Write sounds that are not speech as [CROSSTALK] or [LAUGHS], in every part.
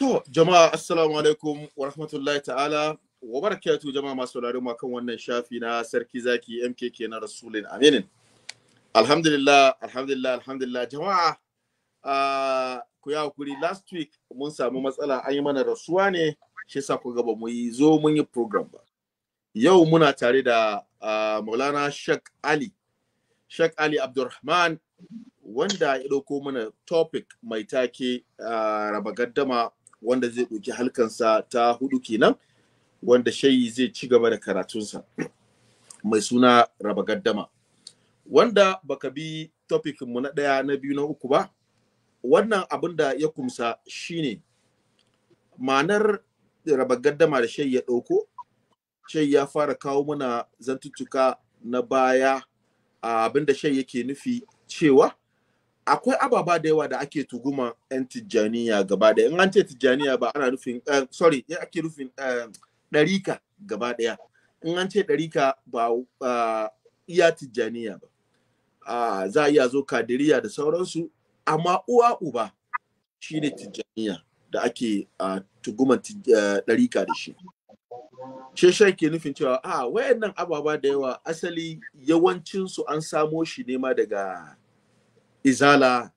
To, jama'a assalamu alaikum wa rahmatullahi ta'ala wa barakatu jama'a masu sauraron mu kan wannan shafi na sarki zaki MKK na Rasulin Aminin. Alhamdulillah, alhamdulillah, alhamdulillah jama'a ku yi hakuri last week mun samu matsala an yi mana rasuwa ne shi sa ku gaba mu yi zo mun yi program ba. Yau muna tare da Maulana Shek Ali, Shek Ali Abdulrahman wanda ya ɗauko mana topic mai take uh, raba gaddama wanda zai ɗauki halkansa ta hudu kenan wanda shayi zai ci gaba da karatunsa mai suna raba gaddama wanda baka bi mu na ɗaya na biyu na uku ba wannan abin da ya kumsa shine ma'anar raba gaddama da shayi ya ɗauko shayi ya fara kawo mana zantuttuka na baya abin da shayi yake nufi cewa akwai ababa da yawa da ake tuguma 'yan tijjaniya gaba daya in ce tijjaniya ba ana nufin uh, sorry ya ake nufin eh, ɗarika uh, gaba daya in an ce ɗarika ba uh, iya tijjaniya ba uh, za a iya zo kadiriya da sauransu amma uwa uba ne tijjaniya da ake uh, tuguma ɗarika da shi shi shai ke nufin cewa a wayannan ababa da yawa asali yawancinsu an samo shi ne ma daga izala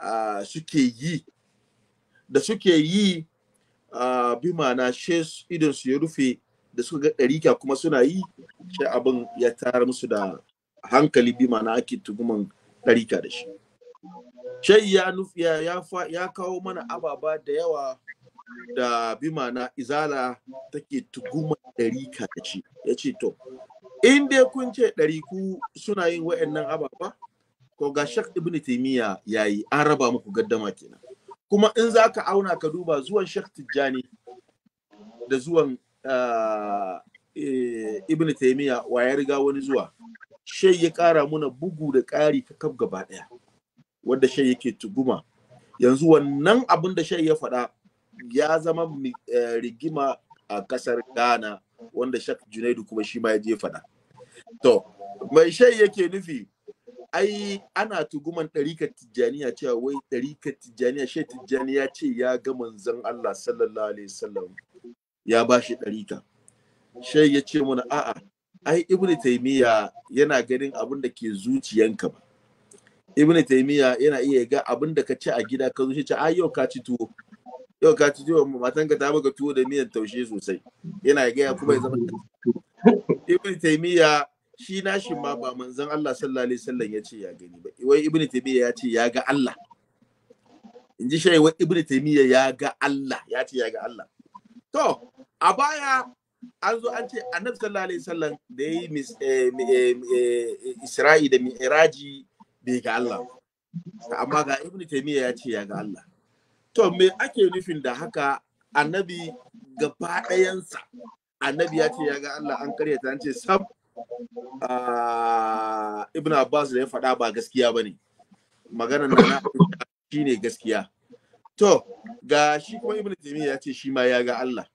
uh, suke yi da suke yi uh, bi ma'ana she idon su ya rufe da suka ga ɗarika kuma suna yi shi abin ya tara musu da hankali bi ma'ana ake tuguman ɗarika da shi shai ya nufi ya, ya kawo mana ababa da yawa da bi ma'ana izala take tuguman ɗarika da shi ya ce to in dai kun ce ɗariku suna yin wa'annan ababa to ga shek Ibn ya yayi an raba muku gaddama kenan kuma in za ka auna ka duba zuwan shek Tijjani da zuwan eh, eh, Ibn taimiya wa ya riga wani zuwa shai ya kara muna bugu da kari ta kaf gaba ɗaya wanda shai yake tuguma yanzu wannan abin da shai ya faɗa ya zama eh, rigima a ƙasar Ghana wanda shak Junaidu kuma shi ma ya je faɗa to mai shai yake nufi ai ana tuguman ɗarikar tijjaniya cewa wai ɗarikar tijjaniya shi tijjaniya ce ya ga manzon Allah sallallahu alaihi wasallam ya ba shi ɗarika shi ya ce mana a'a ai Ibn taymiya yana ganin abin da ke zuciyanka ba Ibn taymiya yana iya ga abin da ka ci a gida ka shi ce ai yau ka ci tuwo yau ka ci tuwo Matan ka ta baka tuwo da miyan taushe sosai yana ga ya kuma ya zama Ibn taymiya shi nashin ma ba oh. manzon Allah sallallahu alaihi wasallam ya ce ya gani ba wai ibnu taymiya ya ce ya ga Allah in ji shi wai ibnu taymiya ya ga Allah ya ce ya ga Allah to a baya an zo an ce annabi sallallahu alaihi wasallam da yi mis eh, eh, eh, isra'i da mi'raji bai ga Allah amma ga ibnu taymiya ya ce ya ga Allah to me ake nufin da haka annabi gaba ɗayansa annabi ya ce ya ga Allah an karyata an ce sab Ah, ibn Abbas da ya faɗa ba gaskiya ba ne. Maganar na shi ne gaskiya. To, ga shi kuma Ibn Taymiyyah ya ce shi ma ya ga Allah.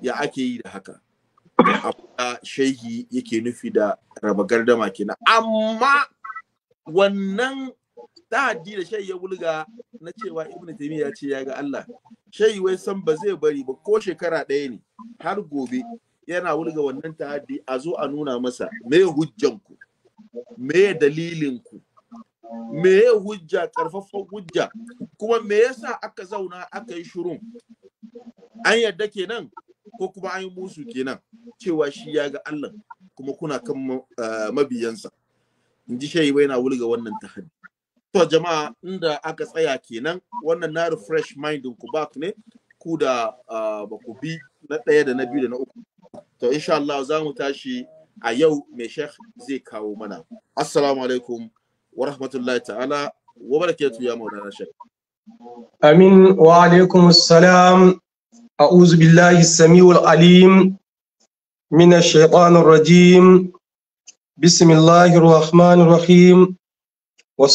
Ya ake yi da haka. Abuwa shehi yake nufi da raba gardama kenan. Amma wannan haddi da shehi ya wulga na cewa ibn Taymiyyah ya ce ya ga Allah Shehi wai san ba zai bari ba ko shekara ɗaya ne har gobe yana wulga wannan ta'addi a zo a nuna masa me hujjanku me dalilinku me hujja karfafan hujja kuma me yasa aka zauna aka yi shirun an yadda kenan ko kuma an yi musu kenan cewa shi ya ga Allah kuma kuna kan eh, mabiyansa in ji shayi yana wulga wannan tahaddi to jama'a inda aka tsaya kenan wannan na refresh mind ku back ne ku da ah, ba ku bi na ɗaya da na biyu da na uku To insha Allah za mu tashi a yau mai Sheikh zai kawo mana. Assalamu alaikum wa rahmatullahi ta'ala wa barakatu ya maulana Sheikh. Amin wa alaikum assalam. A'udhu samiul alim min ash rajim. Bismillahir rahmanir rahim. Wa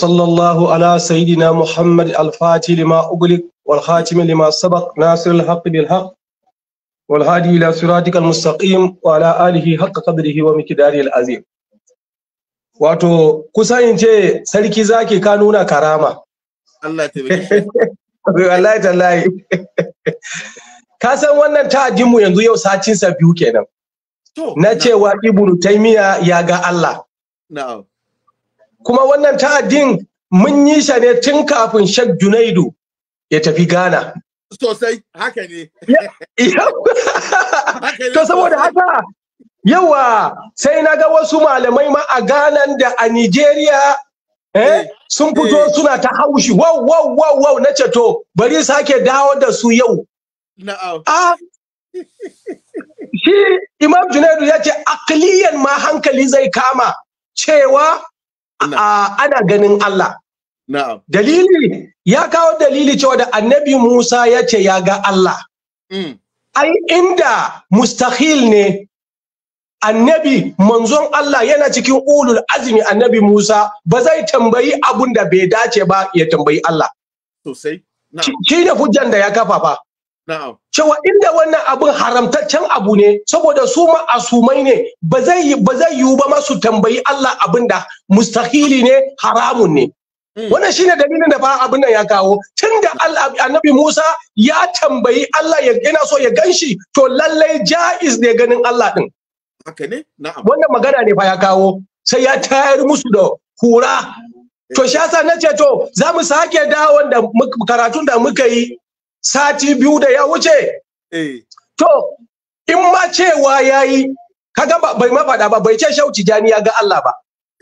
ala sayidina Muhammad al-Fati lima ughliq wal khatim lima sabaq nasirul haqq والهادي إلى صراطك المستقيم وعلى آله حق قدره ومقداره العظيم wato kusa in ce sarki zaki ka nuna karama Allah [LAUGHS] wallahi tallahi [LAUGHS] ka san wannan ta'addinmu yanzu yau satin sa biyu kenan na cewa ibnu taymiya ya ga Allah kuma wannan ta'adin mun yi shi ne tun kafin Sheikh Junaidu ya tafi Ghana sosai haka ne [LAUGHS] to saboda haka yawa sai na ga wasu malamai ma a Ghana da a Nigeria eh, eh, sun fito eh. suna ta haushi wow wow wow wow na ceto bari sake dawo da su yau na'am shi Imam Junaidu ya ce akliyan ma hankali zai kama cewa ana ganin Allah Dalili ya kawo dalili cewa da Annabi Musa ya ce ya ga Allah. Mm. Ai inda mustahil ne Annabi manzon Allah yana cikin ulul azumi Annabi Musa ba zai tambayi abun da bai dace ba ya tambayi Allah. Sosai. Shi ne hujjan da ya kafa fa. Cewa inda wannan abin haramtaccen abu ne saboda su ma'asumai ne ba zai yiwu ba masu tambayi Allah abin da mustahili ne haramun ne. Mm. wannan shine dalilin da fa abin nan ya kawo tunda annabi Musa ya tambayi Allah ya yana so ya ganshi to lallai jaiz ne ganin Allah din haka ne na'am wannan magana ne fa ya kawo sai ya tayar musu da kura to shi yasa nace to za mu sake dawo da karatun da muka yi sati biyu da ya wuce eh. to in ma cewa yayi kaga bai ma faɗa ba bai ce shauci jani ya ga Allah ba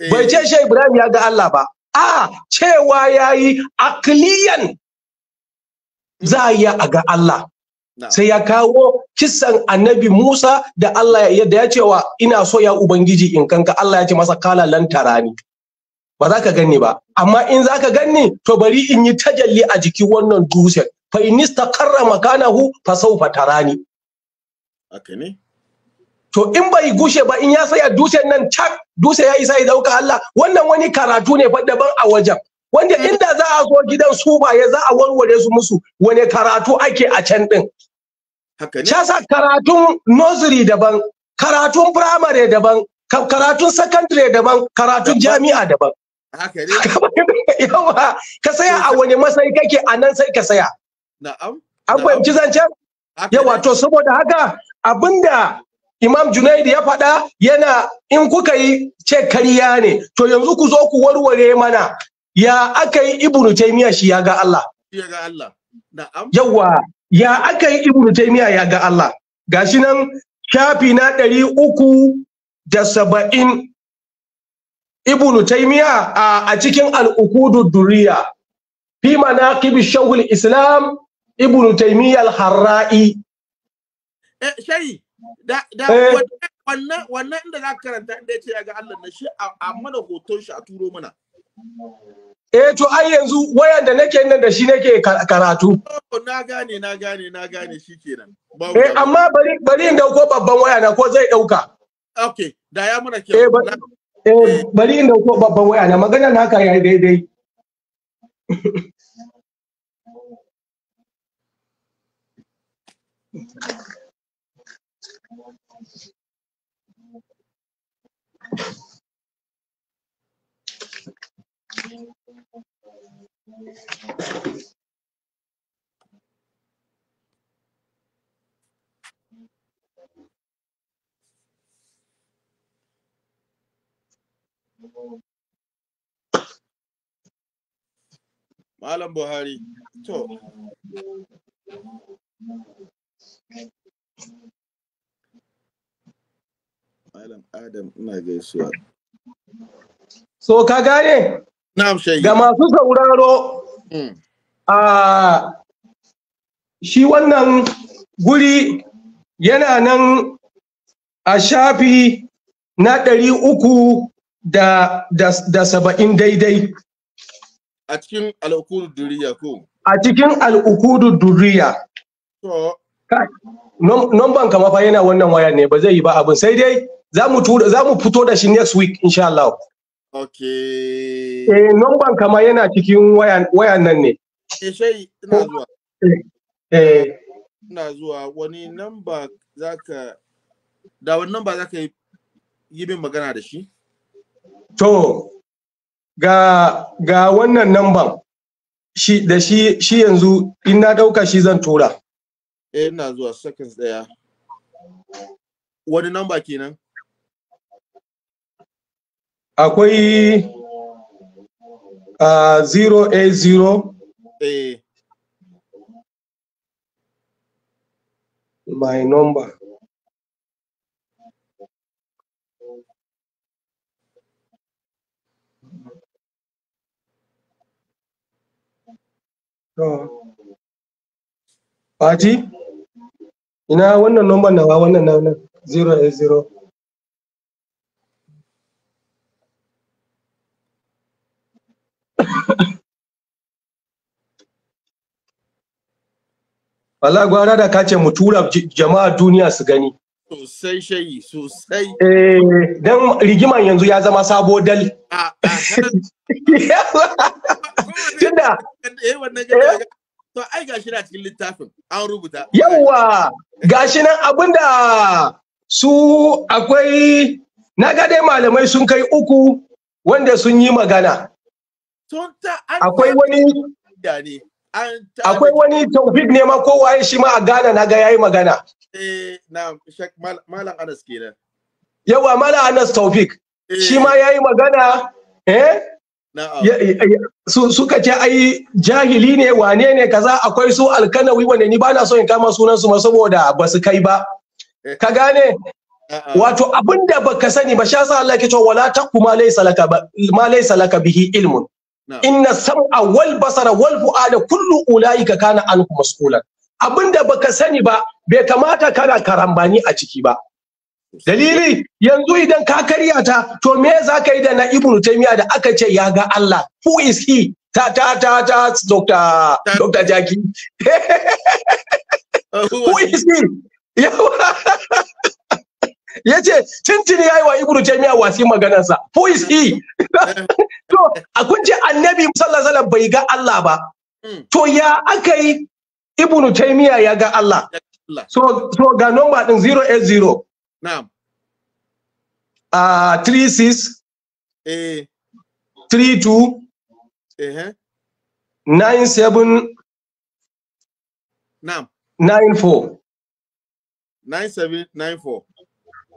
eh. bai ce shi Ibrahim ya ga Allah ba A'a cewa ya yi akiliyan za a iya a ga Allah sai ya kawo kisan annabi Musa da Allah yadda ya cewa ina so ya ubangiji in kanka Allah ya ce masa kala lan tarani ba za ka gani ba amma in za ka ganni to bari in yi tajalli a jiki wannan dutsen fa in karra makanahu fa sawfa tarani ne to in bai gushe ba in ya saya dutsen nan tak dutse ya isa ya dauka Allah wannan wani karatu ne fa daban a wajen wanda eh. inda za a zo gidan su ba ya za a warware su musu wani karatu ake a can din Shasa karatun nursery daban karatun primary daban karatun secondary daban karatun jami'a daban yawa ka saya a wani masai kake a nan sai ka saya na'am an fahimci zancen yawa to saboda haka abinda Imam Junaid ya faɗa yana in kuka yi ce kariya ne to yanzu ku zo ku warware mana ya aka yi Ibn Taymiyyah shi ya ga Allah ya ga Allah na'am yawa ya aka yi Ibn Taymiyyah ya ga Allah gashi nan shafi na ɗari uku da saba'in Ibn Taymiyyah a, a cikin al'ukudu duriya fi manaqib shawul islam Ibn Taymiyyah al-Harra'i eh, da eh. wannan wannan inda za ka karanta inda ya ce ya ga Allah na shi a mana hoton shi a turo mana eh to ai yanzu wayar da nake nan da shi nake karatu oh, na gane na gane na gane shikenan eh amma bari bari in dauko babban waya na ko zai dauka okay da ya muna ke eh, eh bari in dauko babban waya na magana naka yayi daidai Thank [LAUGHS] you. Malam Buhari, to, Malam Adam ina gaisuwa. So ka gane? Na'am shayi. Ga masu sauraro. Hmm. shi wannan guri yana nan a shafi na ɗari uku da, da, da saba'in daidai. A cikin al'ukudu duriya ko? A cikin al'ukudu duriya. To. Nomban kama fa yana wannan waya ne ba zai yi ba abin sai dai za mu fito da shi next week insha Allah okay eh number kama yana cikin wayan wayan nan ne eh sai ina zuwa eh, eh ina zuwa wani number zaka da wani number zaka yi bin magana da shi to ga ga wannan number shi da shi shi yanzu in na dauka shi zan tura eh ina zuwa seconds daya wani namba kenan akwai uh, 0a0 eh. my number I ina wannan number want wannan na 0a0 Allah gwara da kace mu tura jama'a duniya su gani. Sosai shayi sosai. Eh, don rigiman yanzu ya zama sabo dal. Tunda. To ai gashi na cikin littafin an rubuta. Yawwa gashi nan abinda su akwai na ga dai malamai sun kai uku wanda sun yi magana. Tunta Akwai wani akwai wani taufik ne ma ko waye shi ma a Ghana na ga yayi magana eh na shek malam Anas kenan yawa malam Anas taufik shi ma eh. yayi magana eh suka ce ai jahili ne wane ne kaza akwai su alkanawi wane ni ba na so in kama sunan su saboda ba su kai ba eh. ka gane wato abinda baka sani ba sha sa Allah ke cewa wala taqu ma laysa laka ma laysa laka bihi ilmun inna sam'a wal basara wal fu'ada kullu ulaika kana anhu mas'ulan abinda baka sani ba bai kamata kana karambani a ciki ba dalili yanzu idan ka karya ta to me za ka yi da na ibnu taymiya da aka ce ya ga Allah who is he ta ta ta ta dr dr jaki [LAUGHS] uh, who is he [LAUGHS] ya ce tintini ya yi wa ibnu jami'a wasi maganarsa who is he [LAUGHS] to a kun annabi sallallahu alaihi wasallam bai ga Allah ba hmm. to ya aka yi ibnu taimiya ya ga Allah so so ga number din 080 na'am ah 36 eh 32 eh 97 eh. na'am 94 9794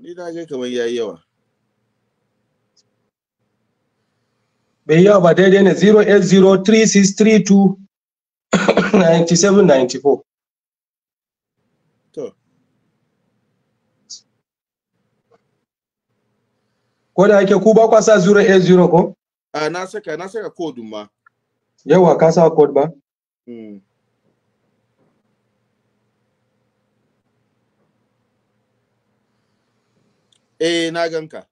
ni na ga kamar yayi yawa bai yawa ba daidai ne 0803632 9794 [COUGHS] ko da yake ku ba kwa sa 080 ko? a ah, na saka na saka code ma yawa ka sa code ba? Mm. Eh, na ganka.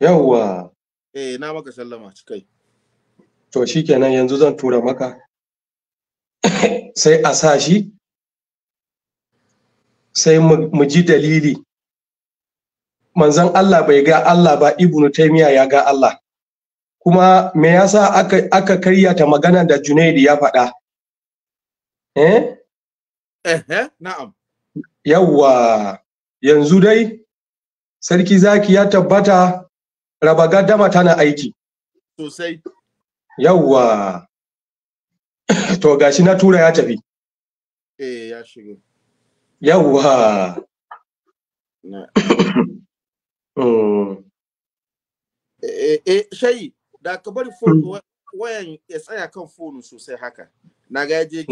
Yawwa. Eh, na maka sallama cikai. To shikenan yanzu zan tura maka. sai a sa shi, sai mu ji dalili. Manzon Allah bai ga Allah ba, Ibnu Taymiya ya ga Allah. Kuma me yasa aka, aka karyata magana da Junaidi ya faɗa? Eh? Eh, eh na'am. Yawwa, yanzu dai, sarki zaki ya tabbata raba gaddama tana aiki sosai yawwa to gashi na tura ya tafi eh ya shigo yawwa [COUGHS] mm. eh eh shayi da ka bari mm. wayan ya tsaya kan fonu sosai haka na ga je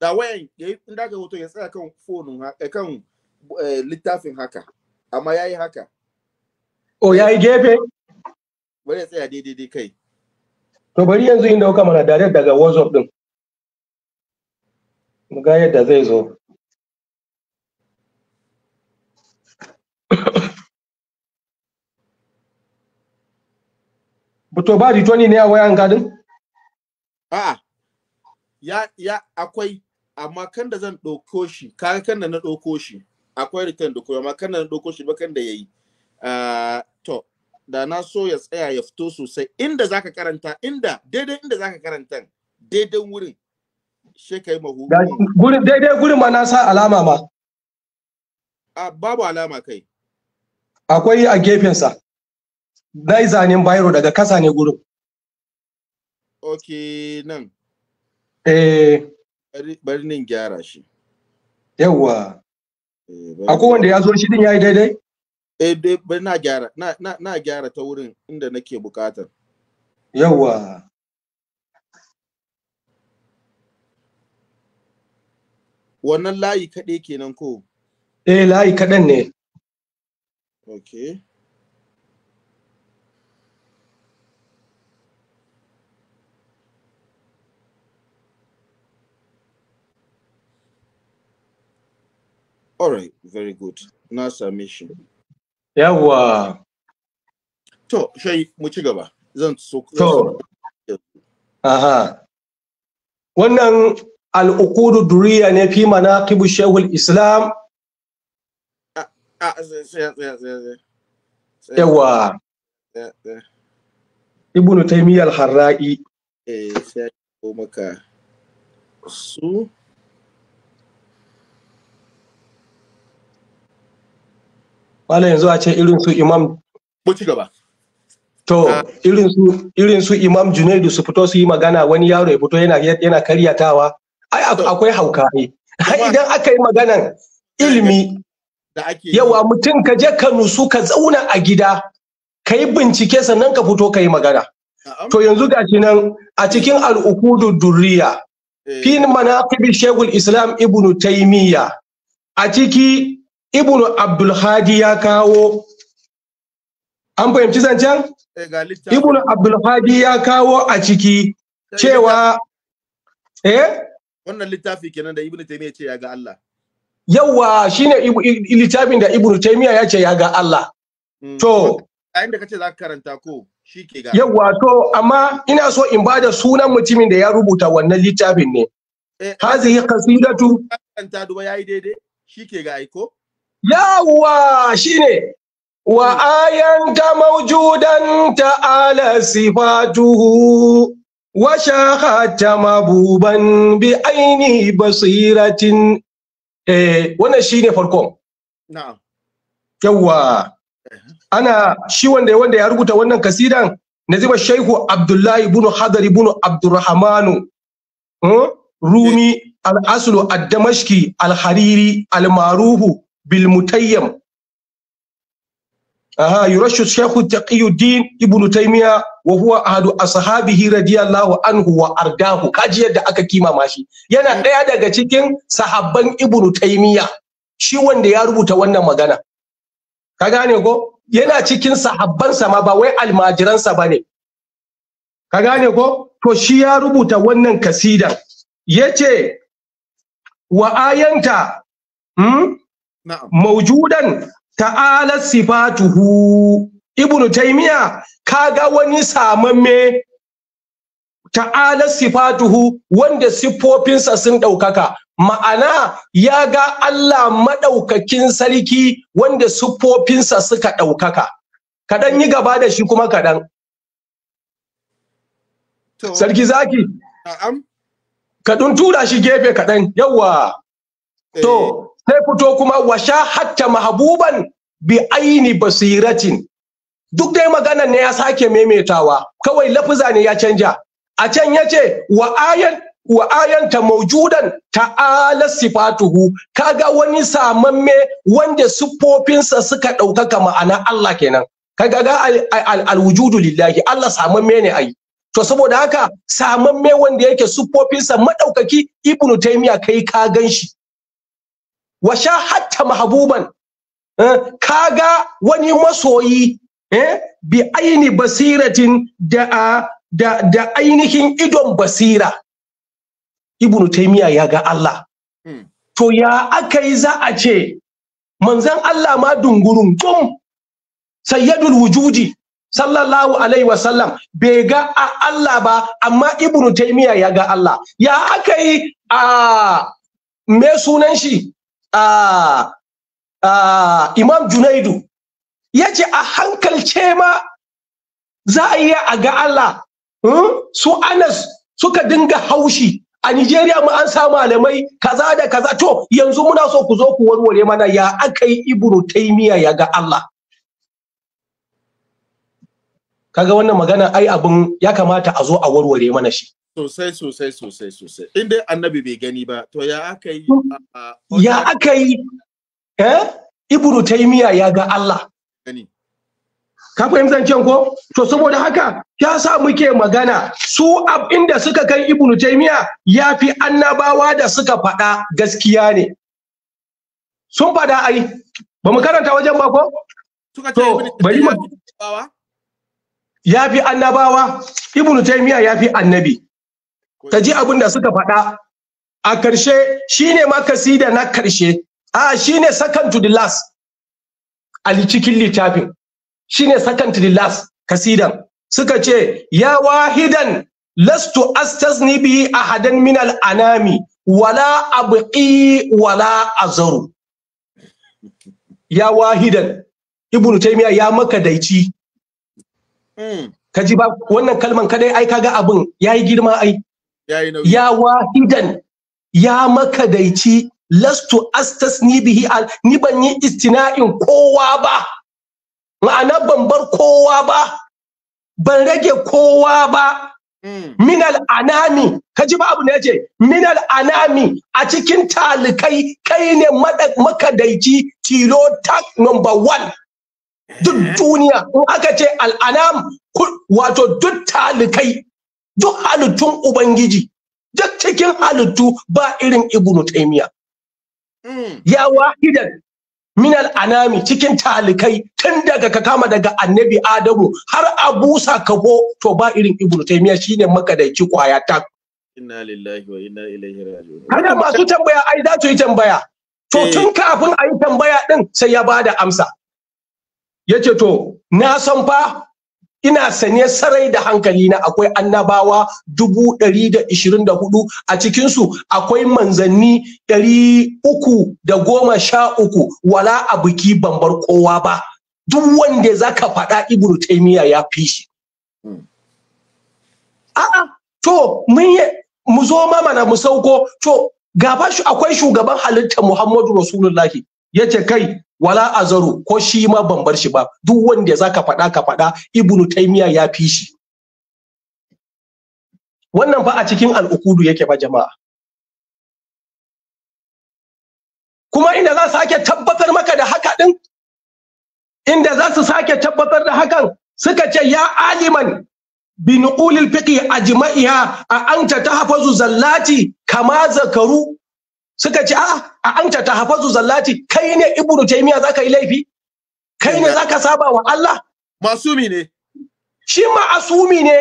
da wayan ya yi ga hoto ya tsaya kan fonun eh, kan eh, littafin haka amma ya yi haka o ya yi gefe bari ya tsaya daidai kai to bari yanzu yin dauka mana dare daga whatsapp din ga yadda zai zo [COUGHS] to ba ritoni ne a wayan gadin? A'a, ya, ya akwai, amma kan da zan ɗauko shi, kan da na ɗauko shi. akwai return da koyo amma kan nan doko shi kan da yayi ah, to da na so ya tsaya ya fito sosai inda zaka karanta inda daidai inda zaka karanta daidai wurin she kai mahu gurin daidai gurin ma na sa alama ma a ah, babu alama kai akwai a gefensa na yi zanen bayro daga kasa ne gurin ok nan eh bari nin gyara shi yawwa Eh, akwai wanda ya zo shi din yayi daidai eh dai bari na gyara na na gyara ta wurin inda nake bukatar yawa wannan layi kaɗai kenan ko eh layi kaɗan ne okay All right, very good Now submission. shi yawa to shai mu ci gaba zan so to aha wannan al-uqudu duriya ne fi manaqibu shehul islam ah, ah, yawa ibnu taymiyyah al-harra'i eh sai ko maka su Malam yanzu a ce irin su Imam Ko gaba. To ah. irin su Imam Junaidu su fito su yi magana wani yaro ya fito yana yana karyatawa. Ai akwai hauka ne. Idan aka yi maganan ilimi yawa mutum ka je ka nusu ka zauna a gida ka yi bincike sannan ka fito ka yi magana. To yanzu gashi nan a cikin al'ukudu durriya eh. fi manaqibi shegul Islam Ibn taimiyya a ciki ibnu abdulhadi ya kawo an fahimci zancen eh, ibnu abdulhadi ya kawo a ciki cewa eh wannan littafi kenan da ibnu taymiya ce ya ga Allah yawa shine littafin da ibnu taymiya ya ce ya ga Allah mm. to a inda kace za ka karanta ko shike ga yawa to amma ina so in bada sunan mutumin da ya rubuta wannan littafin ne eh, hazihi qasidatu karanta duba yayi daidai shike ga aiko yawwa shine wa ayanta maujudan ta'ala sifatuhu wa shahata mabuban bi aini basiratin eh wannan shine farkon na'am yawwa eh. ana shi wanda wanda ya rubuta wannan kasidan naziba shaihu abdullahi ibn Hadari ibn abdurrahman hmm? rumi al-aslu ad-damashqi al-hariri al marufu bil aha yurashu shaykhu taqiyuddin ibnu taymiya wa huwa ahadu ashabihi radiyallahu anhu wa ardahu kaji yadda aka kimama shi yana daya eh. daga cikin sahabban ibnu taymiya shi wanda ya rubuta wannan magana ka gane ko yana cikin sahabbansa ma ba wai almajiransa ba ne ka gane ko to shi ya rubuta wannan kasidan ya ce wa ayanta hmm? maujudan ta'ala sifatuhu ibnu taymiya kaga wani samamme ta'ala sifatuhu wanda siffofinsa sun ɗaukaka ma'ana ya ga Allah maɗaukakin sarki wanda siffofinsa suka ɗaukaka kaɗan yi gaba da shi kuma kaɗan sarki zaki ka tura shi gefe kaɗan yawa? Eh. to sai fito kuma washa hatta mahabuban bi aini basiratin duk dai maganan ne ya sake maimaitawa kawai lafuza ne ya canja a can ya ce wa ayan wa ta maujudan ta'ala sifatuhu kaga wani samamme wanda siffofinsa suka ɗaukaka ma'ana Allah kenan kaga ga alwujudu lillahi Allah samamme ne ai to saboda haka samamme wanda yake siffofinsa madaukaki ibnu taymiya kai ka gan shi. wa shahatta mahbuban eh, kaga wani masoyi eh, bi aini basiratin da da ainihin idon basira ibnu taymiya ya ga Allah hmm. to ya aka za a ce manzon Allah ma dungurun kum sayyidul wujudi sallallahu alaihi wasallam bai ga a Allah ba amma ibnu taymiya ya ga Allah ya aka yi a me sunan shi a ah, ah, imam junaidu ya ce a hankalce ma za a iya a ga Allah hmm? su anas suka dinga haushi a Nijeriya mu an sa malamai kaza da kaza to yanzu muna so ku zo ku warware mana ya aka yi ibnu taymiya ya ga Allah kaga wannan magana ai abun ya kamata a zo a warware mana shi Sosai sosai sosai sosai. In dai annabi bai gani ba, to ya aka yi. Ya aka yi, eh? Ibnu Taymiya ya ga Allah. Gani. Ka fahimtar can ko? To saboda haka ya sa muke magana su ab inda suka kai Ibnu Taymiya ya fi annabawa da suka faɗa gaskiya ne. Sun faɗa ai, ba mu karanta wajen ba ko? to bari mu. Ya fi annabawa, Ibnu Taymiya ya fi annabi. ka ji abin da suka faɗa a ƙarshe shine ma kasida na ƙarshe a shine second to the last a cikin littafin shine second to the last kasidan suka ce ya wahidan lastu astazni bi ahadan min al anami wala abqi wala azaru ya wahidan ibnu taymiya ya makadaici mm. kaji ba wannan kalman kadai ai ga abin ya yi girma ai ya wahidan ya makadaici lastu astasni bihi al ni ban yi istina'in kowa ba ma'ana ban bar kowa ba ban rage kowa ba hmm. minal anami ka ji ba abu ne ce minal anami a cikin talikai kai ne makadaici tilo tak number one duk eh. duniya in aka ce anam wato duk talikai duk halittun ubangiji duk cikin halittu ba irin ibnu taymiya mm. ya wahidan minal anami cikin talikai tun daga ka kama daga annabi adamu har abu sakafo to ba irin ibnu taymiya shine makadaici kwaya ta inna lillahi wa inna ilaihi raji'un kada masu tambaya ai za su yi tambaya to eh. tun kafin a yi tambaya din sai ya bada amsa yace to na san fa ina sanye sarai da hankali na akwai annabawa dubu ɗari da ishirin da hudu a cikinsu akwai manzanni ɗari uku da goma sha uku wala a biki bambar kowa ba duk wanda za ka faɗa ibnu taimiya ya fi shi hmm. a'a to mun mu zo mana mu sauko to gaba shi akwai shugaban halitta muhammadu rasulullahi ya ce kai wala azaru ko shi ma ban bar shi ba duk wanda zaka faɗa ka faɗa ibnu taymiya ya fi shi wannan fa a cikin al'ukudu yake ba jama'a kuma inda za su sake tabbatar maka da haka din inda za su sake tabbatar da hakan suka ce ya aliman bi nuqulil fiqi ajma'iha a anta tahfazu zallati kama zakaru suka ce a'a a anta ta hafazu zallati kai ne ibnu taymiya zaka yi laifi kai ne zaka saba wa Allah masumi ne shi asumi ne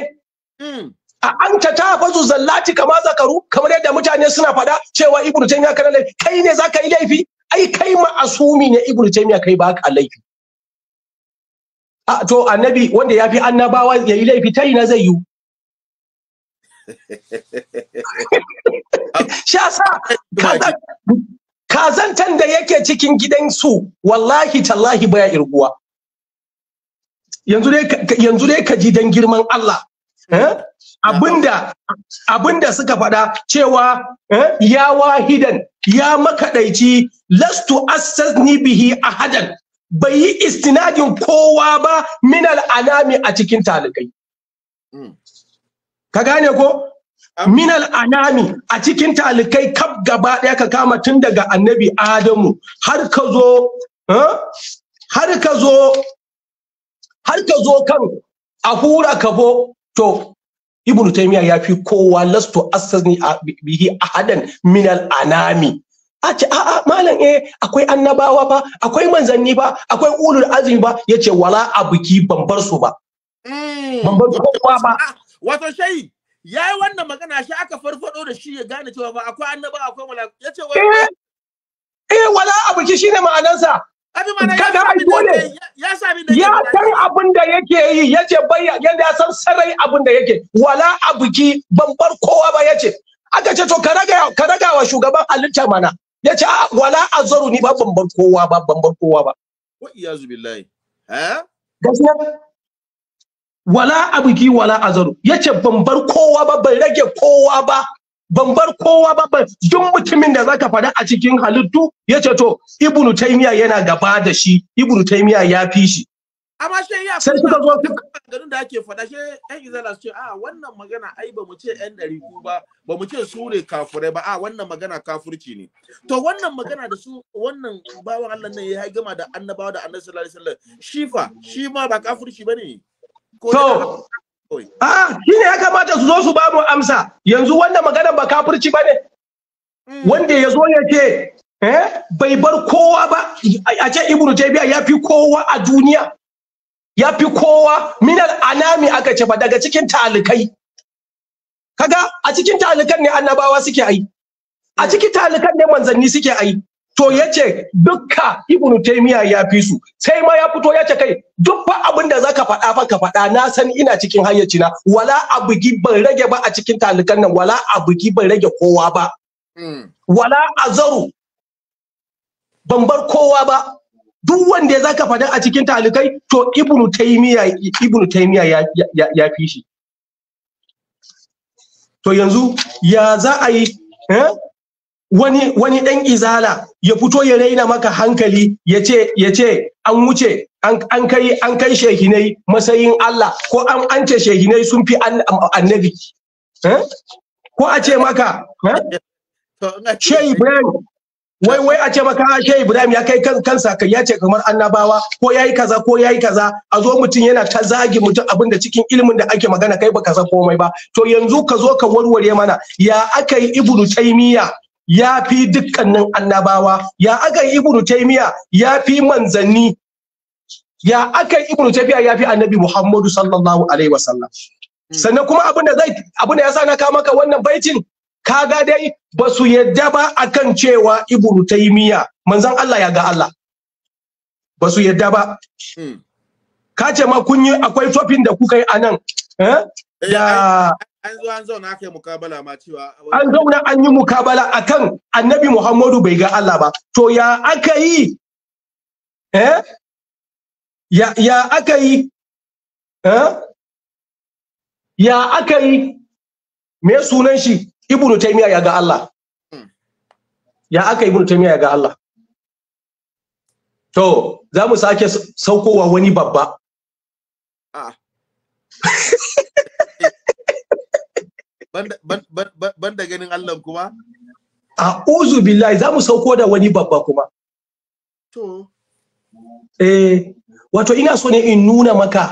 hmm. a anta ta hafazu zallati kama zakaru kamar yadda mutane suna fada cewa ibnu taymiya kana laifi kai ne zaka yi laifi ai kai ma asumi ne ibnu taymiya kai ba ka laifi to annabi wanda ya fi annabawa ya yi laifi ta yi na zai yi Shasa kazantan da yake cikin gidansu wallahi tallahi baya irguwa. Yanzu dai ka ji don girman Allah. Eh? Abinda abinda suka faɗa cewa eh? ya wahidan ya makaɗaici lastu ni bihi ahadan bai yi istinadin kowa ba minal alami a cikin talikai. Hmm. ka gane ko minal anami a cikin talikai kaf gaba ɗaya ka kama tun daga annabi adamu har ka zo har ka zo kan a kabo to ibn taymiya ya fi kowa lastu asasni bihi ahadan minal anami a ce a'a malam e, akwai annabawa ba akwai manzanni ba akwai ulul azmi ba yace wala abuki ban su ba mm. kowa ba ah. wato shayi ya yi wannan magana shi aka farfado da shi ya gane cewa ba akwai annaba akwai wala. ya ce eh, wai eh wala abu ki shine ma'anansa kaga ai dole ya sami da ya san abin da yake yi yace bayya yanda ya san sarai abin da yake wala abu ki ban bar kowa ba yace aka ce to ka raga ka raga wa shugaban halitta mana yace wala azaru ni ba ban bar kowa ba ban bar kowa ba wa iyazu billahi ha eh? gaskiya wala abigi wala azaru yace ban bar kowa ba ban rage kowa ba ban bar kowa ba ban duk mutumin da zaka faɗa a cikin halittu yace to ibnu taymiya yana gaba da shi ibnu taymiya ya fi shi amma shi ya sai suka zo garin da ake faɗa shi ɗan izala ce a wannan magana ai ba mu ce ɗan ɗari ku ba ba mu ce su ne kafurai ba a wannan magana kafurci ne to wannan magana da su wannan bawan Allah nan ya gama da annabawa da annabi sallallahu alaihi wasallam shi shi ma ba kafurci bane To, a shi ne ya kamata su zo su ba mu amsa yanzu wanda maganar ba kafirci ba ne. Mm. Wanda ya zo ya ce eh, bai bar kowa ba a ce ibnu Taymiyyah ya fi kowa a duniya. Ya fi kowa minal anami aka ce ba daga cikin talikai. Kaga a cikin talikan ne annabawa suke ai. A mm. cikin talikan ne manzanni suke ai. to ya ce dukka ibnu taimiya ya fi su sai ma ya fito ya ce kai duk fa abin da zaka faɗa fa ka faɗa na san ina cikin hayyacina wala abugi ban rage ba a cikin talikan nan wala abugi ban rage kowa ba hmm. wala azaru ban bar kowa ba duk wanda zaka faɗa a cikin talikai to ibnu taimiya ibnu taimiya ya, ya, ya fi shi to yanzu ya za a yi eh? wani wani dan izala ya fito ya raina maka hankali ya ce ya ce an wuce an kai an kai shehinai masayin Allah ko an an ce shehinai sun fi annabi eh? ko a ce maka eh? shehi Ibrahim wai wai a ce maka ah, shehi Ibrahim ya kai kansa kai ya ce kamar annabawa ko yayi kaza ko yayi kaza a zo mutum yana ta zagi mutum abinda cikin ilimin da ake magana kai baka san komai ba to yanzu ka zo ka warware mana ya aka yi Ibnu taymiya ya fi dukkanin annabawa ya aka ibnu taymiya ya fi manzanni ya aka ibnu taymiya ya fi annabi muhammadu sallallahu alaihi wasallam hmm. sannan kuma abin da zai abin da yasa na kawo maka wannan baitin kaga dai ba su yadda ba akan cewa ibnu taymiya manzon Allah ya ga Allah ba su yadda ba hmm. ka ce ma kun yi akwai tofin da kuka yi anan eh, eh da an zo an zauna aka yi mukabala ma cewa an zauna an yi mukabala akan annabi Muhammadu bai ga Allah ba to ya aka yi eh ya ya aka yi eh ya aka yi me sunan shi Ibn taymiya ya ga Allah hmm. ya aka Ibn taymiya ya ga Allah to za mu sake saukowa wani babba ah. [LAUGHS] ban da ganin Allah kuma? A uzu billahi za mu sauko da wani babba kuma. To. Eh, wato ina so ne in nuna maka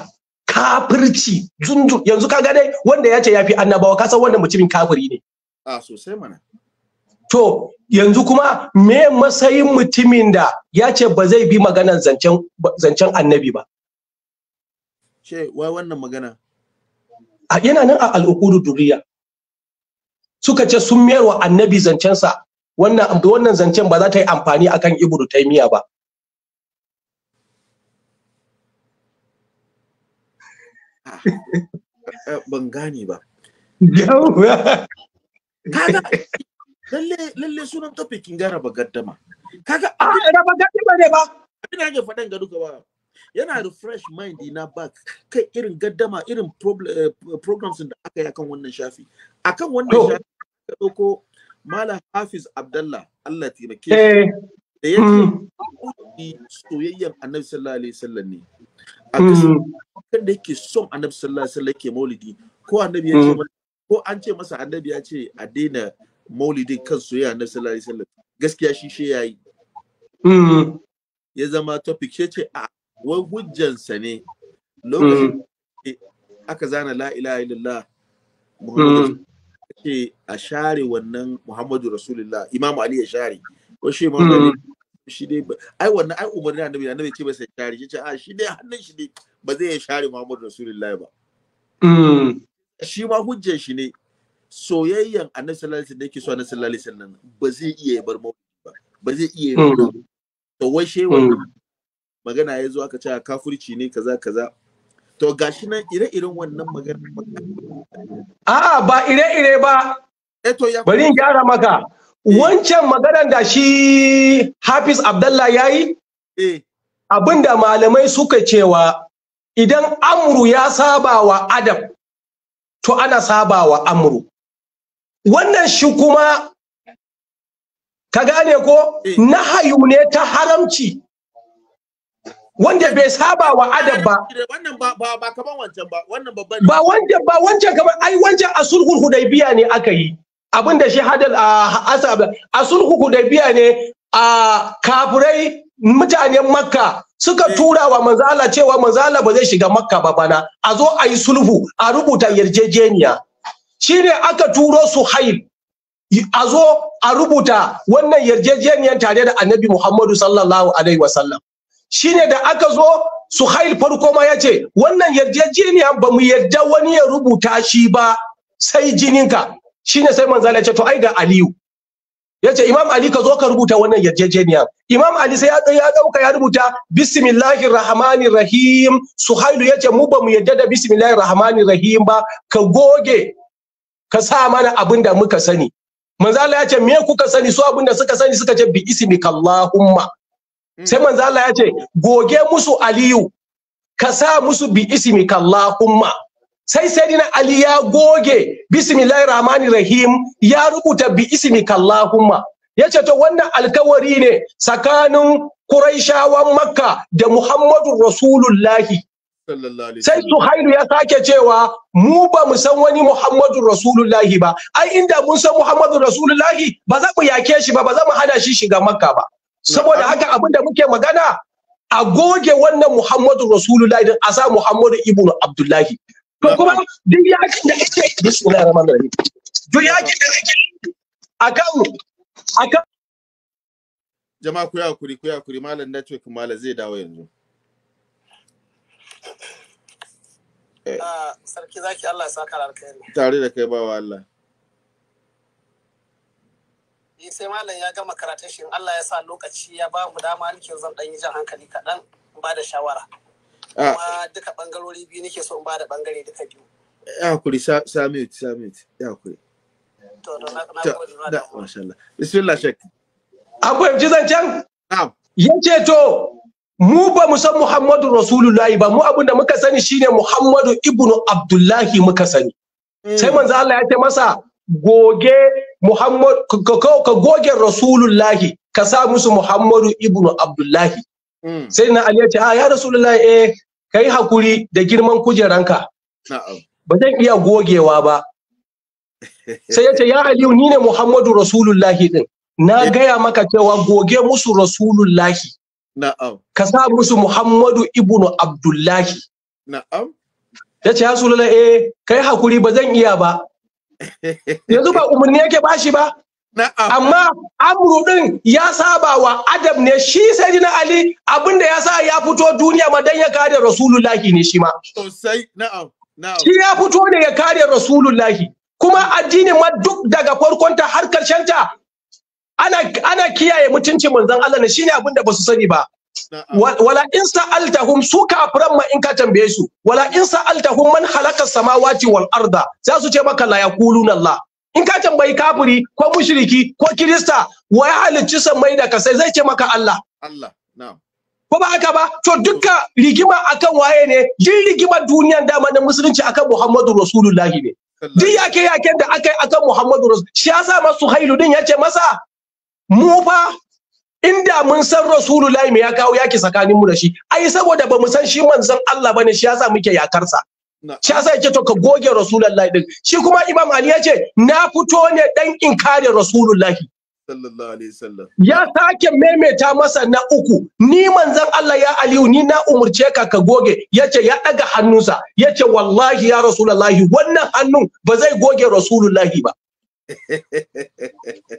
kafirci zunzu yanzu ka gane wanda ya ce ya fi annabawa ka san mutumin kafiri ne. A sosai mana. To yanzu kuma me matsayin mutumin da ya ce ba zai bi maganar zancen annabi ba. Ce, wai wannan magana. a yana nan a al'ukudu duriya suka ce sun mayar wa annabi zancensa wannan da wannan zancen ba za ta yi amfani akan ibnu taymiya ba ah, eh, ban gane ba kaga lalle lalle sunan topikin ga raba gaddama kaga ah, raba gaddama ne ba ina ga faɗan ga duka ba yana refresh mind ina back kai irin gaddama irin eh, programs da aka yi akan wannan shafi akan wannan shafi ka dauko Mala Hafiz Abdallah Allah taimake shi eh. da yake hmm. soyayyar Annabi sallallahu alaihi wasallam ne a hmm. kan da yake son Annabi sallallahu alaihi wasallam yake maulidi ko Annabi ya ce hmm. ko an ce masa Annabi ya ce a daina maulidi kan soyayya Annabi sallallahu alaihi wasallam gaskiya shi she yayi ya zama topic she ce a wai hujjansa ne lokacin aka zana la ilaha illallah Muhammadu ce a share wannan Muhammadu Rasulullah Imam Ali ya share ko shi Imam Ali hmm. shi dai ai wannan ai umarni annabi annabi ce ba sai share shi ce a ah, shi dai hannun shi dai ba zai share Muhammadu Rasulullah ba hmm. shi ma hujjar shi ne soyayyan annabi sallallahu alaihi wasallam yake so annabi sallallahu alaihi wasallam ba zai iya ya bar mawdu ba ba zai iya ya hmm. bar to wai shi wannan magana ya zo aka ce kafirci ne kaza kaza To gashi nan ire-iren wannan magana. A'a ba ire-ire ba. Eh, Bari in gyara maka. Eh. Wancan maganar da shi Hafiz Abdallah ya yi? Eh. Abinda malamai suka cewa idan amru ya saba wa Adam, to ana saba wa amru. Wannan shi kuma, ka gane ko, nahayu ne ta haramci. wanda bai saba wa adab ba wannan ba ba ba kaman wancan ba wannan babban ba wanda ba wancan kaman ai wancan asulhul hudaybiya ne aka yi abinda shi hadal asab asulhul hudaybiya ne a kafirai mutanen makka suka eh. tura wa manzala cewa manzala ba zai shiga makka ba bana a zo a yi sulhu a rubuta yarjejeniya shine aka turo su suhail a zo a rubuta wannan yarjejeniyar tare da annabi muhammadu sallallahu alaihi wasallam shine da aka zo Suhail farko ma ya ce wannan yarjejeniya ba mu yarda wani ya rubuta shi ba sai jininka shine sai manzala ya ce to ai ga Aliyu ya ce Imam Ali ka zo ka rubuta wannan yarjejeniya Imam Ali sai ya ya dauka ya rubuta bismillahir rahmanir rahim Suhailu ya ce mu ba mu yarda da bismillahir rahmanir rahim ba ka goge ka sa mana abin da muka sani manzala ya ce me kuka sani su abin da suka sani suka ce bi ismikallahumma sai manzo Allah ya ce goge musu aliyu ka sa musu bi ismi kallahumma sai sayyidina ali ya goge bismillahir rahmanir rahim ya rubuta bi ismi kallahumma yace to wannan alkawari ne tsakanin Quraishawan Makka da Muhammadu rasulullah sai Suhailu ya sake cewa mu ba mu san wani Muhammadu rasulullah ba ai inda mun san Muhammadu rasulullah ba za mu yake shi ba ba za mu hana shi shiga Makka ba saboda haka abin da muke magana a goge wannan Muhammadu Rasulullahi din a sa Muhammadu ibnu Abdullahi to kuma duk yakin da kake bismillahir rahmanir rahim duk yakin da kake akan akan jama'a ku ya kuri ku ya kuri malam network malam zai dawo yanzu eh. ah, sarki zaki Allah ya saka alkhairi tare da kai bawa Allah sai malam ya gama karatun shi in Allah ya sa lokaci ya ba mu dama nake zan dan yi jan hankali kaɗan ba da shawara ah. kuma duka bangarori biyu nake so in ba da bangare duka biyu ya kuri samit samit ya kuri to na na masha Allah bismillah shek akwai zancen yace to mu ba mu san Muhammadu Rasulullahi ba mu abinda muka sani shine Muhammadu ibnu Abdullahi muka sani hmm. sai manzo Allah ya ce masa goge Muhammad ka goge Rasulullahi ka sa musu Muhammadu ibnu Abdullahi. Hmm. Sai na Ali ya ce, "A ah, ya Rasulullahi eh kai hakuri da girman kujeranka." Ba zan iya gogewa ba. Sai ya ce, "Ya Aliyu ni ne Muhammadu Rasulullahi din." Na eh. gaya maka cewa goge musu Rasulullahi. Ka sa musu Muhammadu ibnu Abdullahi. Na'am. Ya ce, "Ya Rasulullahi eh kai hakuri ba zan iya ba." yanzu ba umarni yake bashi ba amma amru din ya saba wa adam ne shi sai na ali abinda ya sa ya fito duniya ma dan ya kare rasulullahi ne shi ma sosai na'am na'am shi ya fito ne ya kare rasulullahi kuma addini ma duk daga farkonta ta har karshen ta ana ana kiyaye mutuncin manzon Allah ne shine abinda ba su sani ba wala in sa'altahum su kafiran ma in ka tambaye su wala in sa'altahum man halaka samawati wal arda za su ce maka la yaquluna Allah in ka tambayi kafiri ko mushriki ko kirista wa ya halicci sammai da sai zai ce maka Allah Allah na'am ko ba haka ba to duka rigima akan waye ne jin rigimar duniyan dama na musulunci akan Muhammadu Rasulullahi ne duk yake yaken da aka akan Muhammadu Rasul shi yasa masu hailu din ce masa mu fa inda mun san rasulullahi me ya kawo yaki tsakanin mu da shi ai saboda ba mu san shi manzon Allah bane shi yasa muke yakarsa shi yasa yake to ka goge rasulullahi din shi kuma imam ali yace na fito ne dan in kare rasulullahi sallallahu alaihi wasallam ya sake memeta masa na uku ni manzon Allah ya aliyu ni na umurce ka ka goge yace ya daga hannunsa yace wallahi ya rasulullahi wannan hannun ba zai goge rasulullahi ba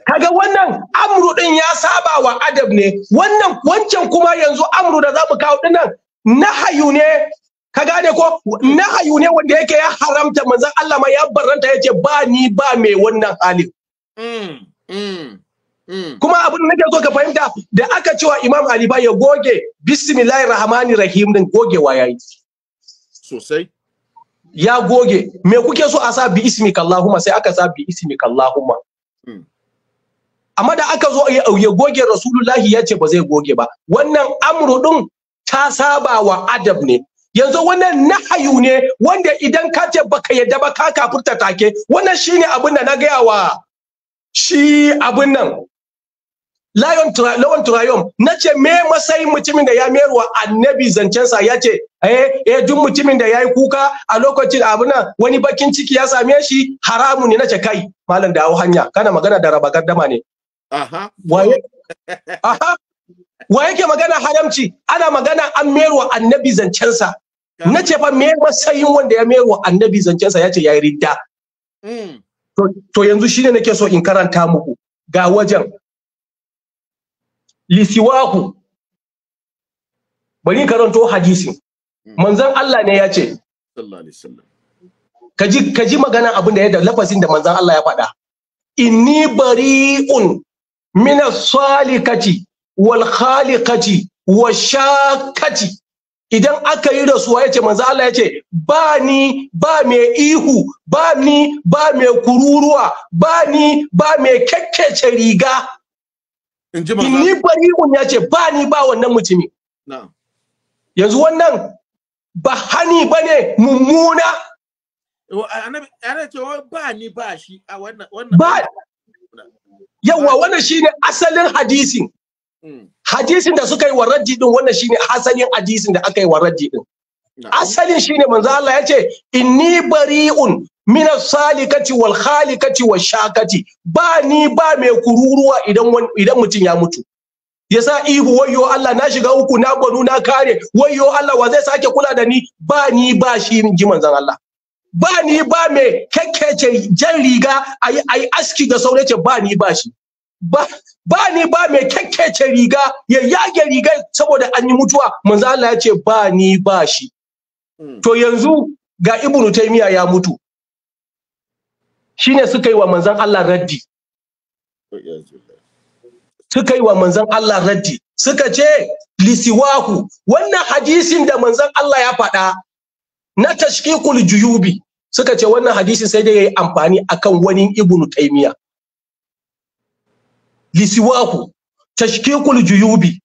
kaga wannan amru din ya saba wa adab ne wannan wancan kuma yanzu amru da zamu kawo dinnan nahayu ne ka gane ko nahayu ne wanda yake ya haramta manzon Allah ma ya barranta yace ba ni ba mai wannan halin mm, mm, mm. kuma abin nake so ka fahimta da aka cewa Imam Ali ba ya goge bismillahir rahmanir rahim din gogewa yayi sosai ya goge me kuke so a sa bi ismika Allahumma sai aka sa bi ismika Allahumma hmm. amma da aka zo ya goge rasulullahi ya ce ba zai goge ba wannan amru din ta saba wa adab ne yanzu wannan nahayu ne wanda idan ka ce baka yadda ba ka kafurta take wannan shine abin da na gaya wa shi abin nan lawan turayom na ce me masayin mutumin da ya merwa annabi zancensa ya ce eh eh duk mutumin da ya yi kuka a lokacin abu nan wani bakin ciki ya same shi haramu ne na ce kai malam da hanya kana magana da raba gardama ne aha waye aha wa yake magana haramci ana magana an merwa annabi zancensa na ce fa me masayin wanda ya merwa annabi zancensa ya ce ya yi ridda mm. to yanzu shine nake so in karanta muku ga wajen lisiwahu bari karanto hadisin mm. manzan Allah ne ya ce kaji kaji magana abin da ya da lafasin da manzan Allah ya faɗa inni bari'un min salikati wal khaliqati washakati idan aka yi rasuwa ya ce manzan Allah ya ce ba ni ba mai ihu ba ni ba mai kururuwa ba ni ba mai kyakkyace riga in ji manzo inni bari'un ya ce ba ni ba wannan mutumi yanzu wannan ba hani bane mummuna annabi ana cewa ba ni ba shi a wannan wannan ba shine asalin hadisin hmm. hadisin da suka yi wa raddi din wannan shine asalin hadisin da aka yi wa raddi din asalin shine manzo Allah ya ce inni bari'un mina salikaci wal khalikaci wal shakati ba ni ba mai kururuwa idan mutum ya mutu yasa ihu wayyo Allah na shiga uku na gwanu na kare wayyo Allah wa zai sake kula da ni ba ni ba shi ji manzan Allah ba ni ba mai kekkece jan riga ayi ayi aski da saurace ce ba ni ba shi ba ni ba mai kekkece riga ya yage riga saboda an yi mutuwa manzan Allah ya ce ba ni ba shi hmm. to yanzu ga ibnu taymiya ya mutu shine suka yi wa manzan Allah raddi suka yi wa manzan Allah raddi suka ce lisiwahu wannan hadisin da manzan Allah ya faɗa na tashkikul juyubi suka ce wannan hadisin sai dai ya yi amfani a kan wani ibnu taymiya lisiwahu tashkikul juyubi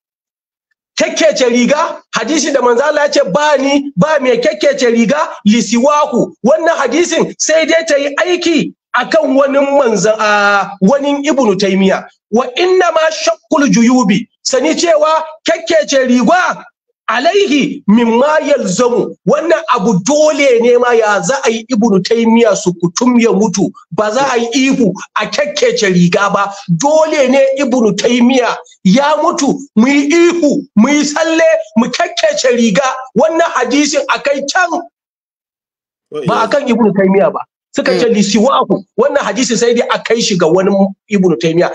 kekkece riga hadisi da manzala Allah ya ce ba ni ba me kekkece riga lisiwaku wannan hadisin sai dai ta yi aiki akan wani manzan a wani ibnu taymiya wa inna ma shakkul juyubi sani cewa kakkece riga alaihi ma yalzamu wannan abu dole ne ma ya za a yi ibnu taymiya su kutum ya mutu ba za a yi ihu a kakkece riga ba dole ne ibnu taymiya ya mutu mu yi ihu mu yi tsalle mu kakkece riga wannan hadisin akai can ba akan ibnu taymiya ba suka ce eh. lisiwahu wannan hadisi sai dai a kai shi ga wani ibn taymiya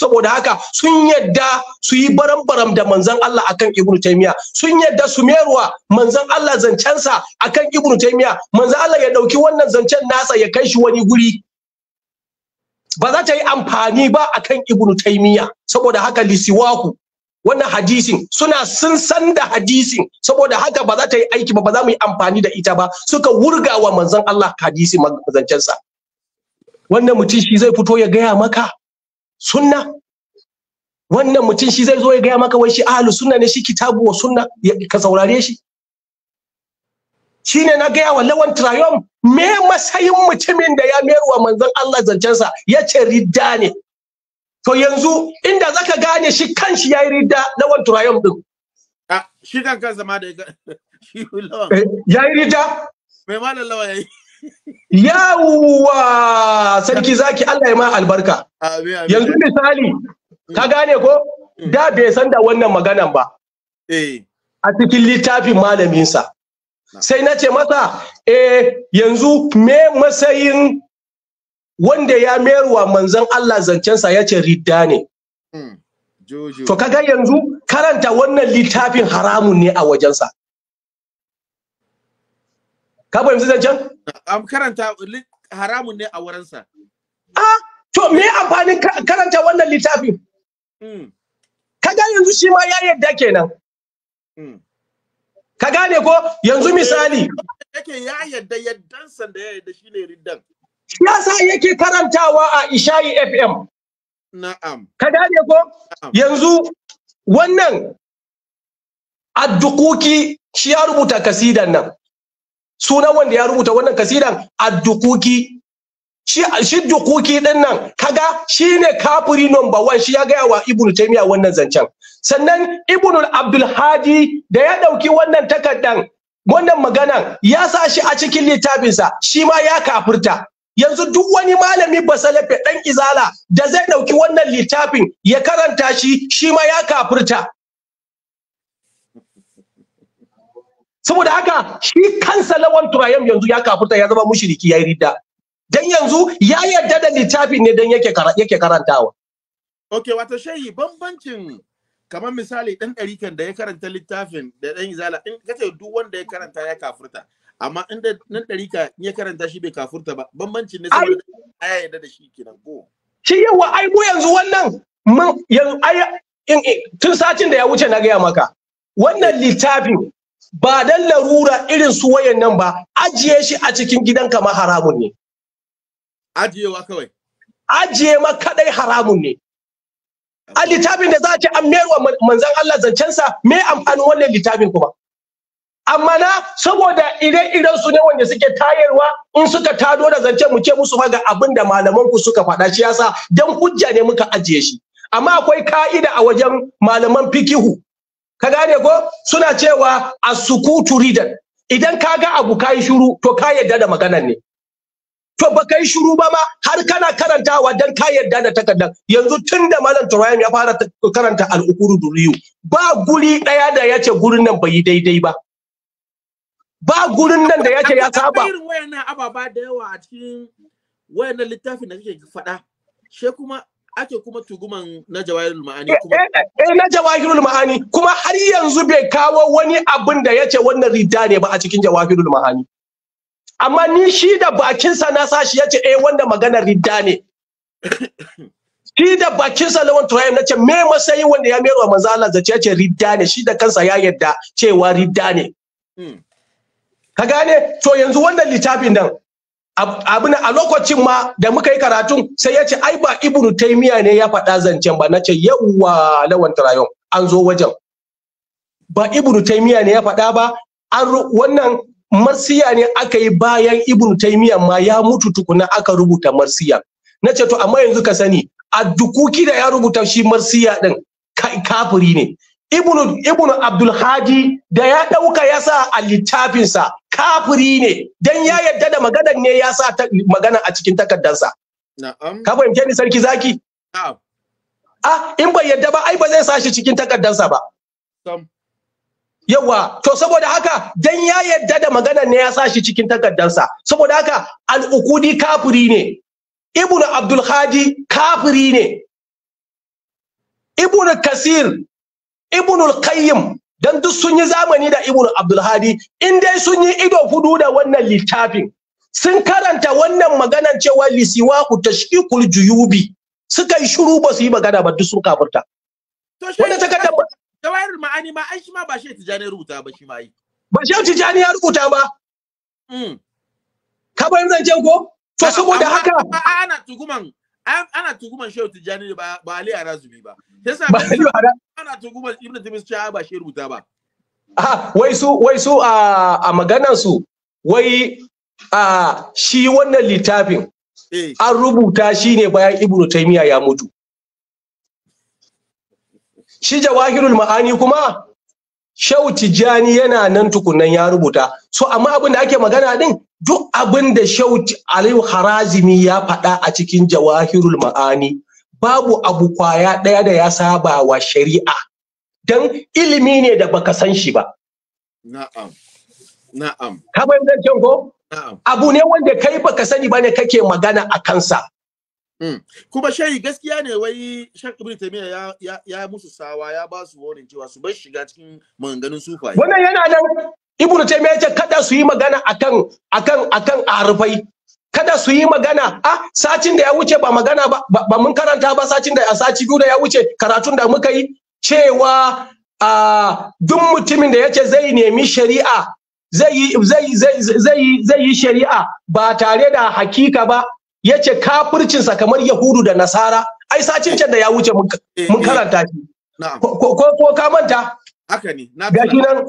saboda haka sun yadda su yi baram-baram da manzon Allah akan ibn taymiya sun yadda su meruwa manzon Allah zancensa akan ibn taymiya manzon Allah ya dauki wannan zancen nasa ya kai shi wani guri ba za ta yi amfani ba akan ibn taymiya saboda haka lisiwahu wannan hadisin suna sun san da hadisin saboda haka ba za ta yi aiki ba ba za mu yi amfani da ita ba suka wurga wa manzon Allah hadisi sa wannan mutum shi zai fito ya gaya maka sunna wannan mutum shi zai zo ya gaya maka wai shi ahlu sunna ne shi kitabu wa sunna ka saurare shi shine na gaya wa lawan trayom me masayin mutumin da ya mayar wa manzon Allah zancensa ya ce ridda ne to yanzu inda zaka gane shi kanshi yayi ridda na wan turayon din ah, shi kan kansa ma da [LAUGHS] eh, yayi ridda mai malam lawa yayi yawwa sarki [LAUGHS] zaki Allah ya ma albarka yanzu misali ka mm. gane ko mm. da bai san da wannan maganan ba eh. a cikin littafin malaminsa sai na ce masa eh yanzu me matsayin wanda ya mayarwa manzon Allah zancensa ya ce ridda ne hmm. to kaga yanzu karanta wannan littafin haramun ne a wajensa ka fahimci zancen am karanta haramun ne a wurinsa ah to me amfanin karanta wannan littafin hmm. kaga yanzu shi ma ya yadda kenan hmm. ka gane ko yanzu misali yake ya yadda yaddansa da ya yadda shine riddan Siyasa yasa yake karantawa a Isha'i FM na'am ka gane ko yanzu wannan addukuki shi ya rubuta kasidan nan sunan wanda ya rubuta wannan kasidan addukuki shi shi dukuki din nan kaga shine kafiri number 1 shi ya gaya wa ibnu taymiya wannan zancen sannan ibnu abdul hadi da ya dauki wannan takardan wannan maganan ya sa shi a cikin littafinsa shi ma ya kafirta yanzu duk wani malami basalafe dan izala da zai dauki wannan littafin ya karanta shi shi ma ya kafirta saboda haka shi kansa lawan turayam yanzu ya kafirta ya zama mushriki ya ridda dan yanzu ya yarda da littafin ne dan yake yake karantawa okay wato shayi bambancin kamar misali dan ɗarikan da ya karanta littafin da dan izala in kace duk wanda ya karanta ya kafirta amma inda nan ɗarika in ya karanta shi bai kafurta ba bambancin ne saboda aya yadda da shi kenan ko shi yawa ai mu yanzu wannan mun yanzu ai tun satin da ya wuce na gaya maka wannan littafin ba dan larura irin su wayan nan ba ajiye shi a cikin gidanka ma haramun ne ajiyewa kawai ajiye ma kadai haramun ne a littafin da za a ce an manzon Allah zancensa me amfanin wannan littafin kuma amma na saboda ire-iren su ne wanda suke tayarwa in suka tado da zance mu ce musu ga abin da malaman ku suka faɗa shi yasa dan hujja ne muka ajiye shi amma akwai ka'ida a wajen malaman fikihu ka gane ko suna cewa a sukutu ridan idan ka ga abu kai shiru to ka yarda da maganan ne to ba kai shiru ba ma har kana karantawa dan ka yarda da takardar yanzu tun da malam turayim ya fara karanta al duriyu ba guri daya da yace gurin nan bai daidai ba ba gurin nan da yake ya saba irin wayannan ababa da yawa a cikin wayannan littafin da kake faɗa she kuma ake kuma tuguman na jawahirul ma'ani eh, kuma eh, eh na jawahirul ma'ani kuma har yanzu bai kawo wani abin da yace wannan ridda ne ba a cikin jawahirul ma'ani amma ni shi da bakinsa na sashi yace eh wanda magana ridda ne [COUGHS] shi da bakinsa lawan turayim nace me masayin wanda ya mero wa manzo Allah zace yace ridda ne shi da kansa ya yadda cewa ridda ne hmm. ka gane to yanzu wannan littafin nan abin a lokacin ma da muka yi karatun sai ya ce ai ba ibnu taimiya ne ya faɗa zancen ba Nace ce yawwa lawan tarayon an zo wajen ba ibnu taimiya ne ya faɗa ba an wannan marsiya ne aka yi bayan ibnu taimiya ma ya mutu tukuna aka rubuta marsiya Nace to amma yanzu ka sani a dukuki da ya rubuta shi marsiya din kafiri ne ibnu ibnu abdul hadi da ya ɗauka ya sa a littafinsa kafiri ne dan ya yadda da maganar ne ya sa magana a cikin takardarsa ka fahimce ni sarki zaki ah in bai yadda ba ai ba zai sa shi cikin takardarsa ba yawa to saboda haka dan ya yadda da maganar ne ya sa shi cikin takardarsa saboda haka al'ukudi kafiri ne Ibn abdul hadi kafiri ne Ibn kasir al qayyim dan duk sun yi zamani da ibnu abdulhadi in dai sun yi ido hudu da wannan littafin sun karanta wannan maganan cewa lisiwaku tashkikul juyubi suka yi shiru ba su yi magana ba duk sun kafirta wanda ta kada tawairul ma'ani ma an shi ma ba shi tijani rubuta ba shi ma yi ba shi tijani ya rubuta ba mm. ka bayan zancen ko to saboda haka ana tuguman ana tuguman shehu tijjani ba ba ali arazumi ba yasa ba ali ana tuguman ibnu taymiyyah cha ba shi rubuta ba ah wai su wai su ah, a a maganar su wai a ah, shi wannan littafin eh. an rubuta shi ne bayan ibnu taymiyyah ya mutu shi jawahirul ma'ani kuma shehu tijjani yana nan tukunan ya rubuta so amma abin da ake magana din duk abin da shauti aliyu harazimi ya faɗa a cikin jawahirul ma'ani babu abu kwaya ɗaya da ya saba wa shari'a don ilimi ne da baka san shi ba na'am na'am ka fahimtar ko abu ne wanda kai baka sani ba ne kake magana a kansa hmm. kuma shayi gaskiya ne wai shak ibn taymiya ya musu sawa ya ba su warning cewa su bar shiga cikin maganganun sufaye wannan yana nan ibn taymiya yace kada su yi magana akan akan akan arufai kada su yi magana a ah, sacin da ya wuce ba magana ba, ba mun karanta ba sacin da a saci biyu da ya wuce karatun da muka yi cewa a duk mutumin da yace zai nemi shari'a zai yi zai zai zai yi shari'a ba tare da hakika ba yace sa kamar yahudu da nasara ai sacin can da ya wuce mun eh, eh, karanta shi ko ko ka manta haka ne na nan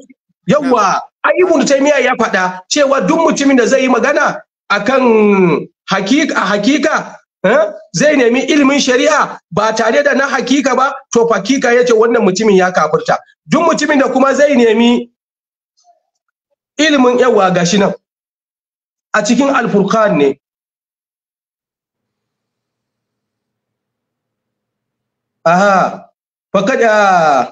yawwa a ibn taymiya ya faɗa cewa duk mutumin da zai yi magana akan hakika hakika eh, zai nemi ilimin shari'a ba tare da na hakika ba to hakika yace wannan mutumin ya kafirta duk mutumin da kuma zai nemi ilimin yawa gashi nan a cikin alfurqan ne aha fakada ah,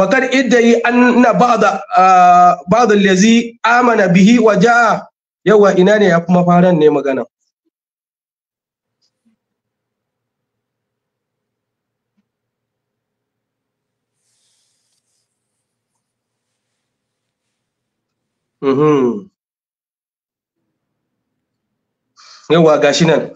فقد ادعي ان بعض بعض الذي bihi به وجاء yawa ina ne ya kuma faran ne magana yawa gashi nan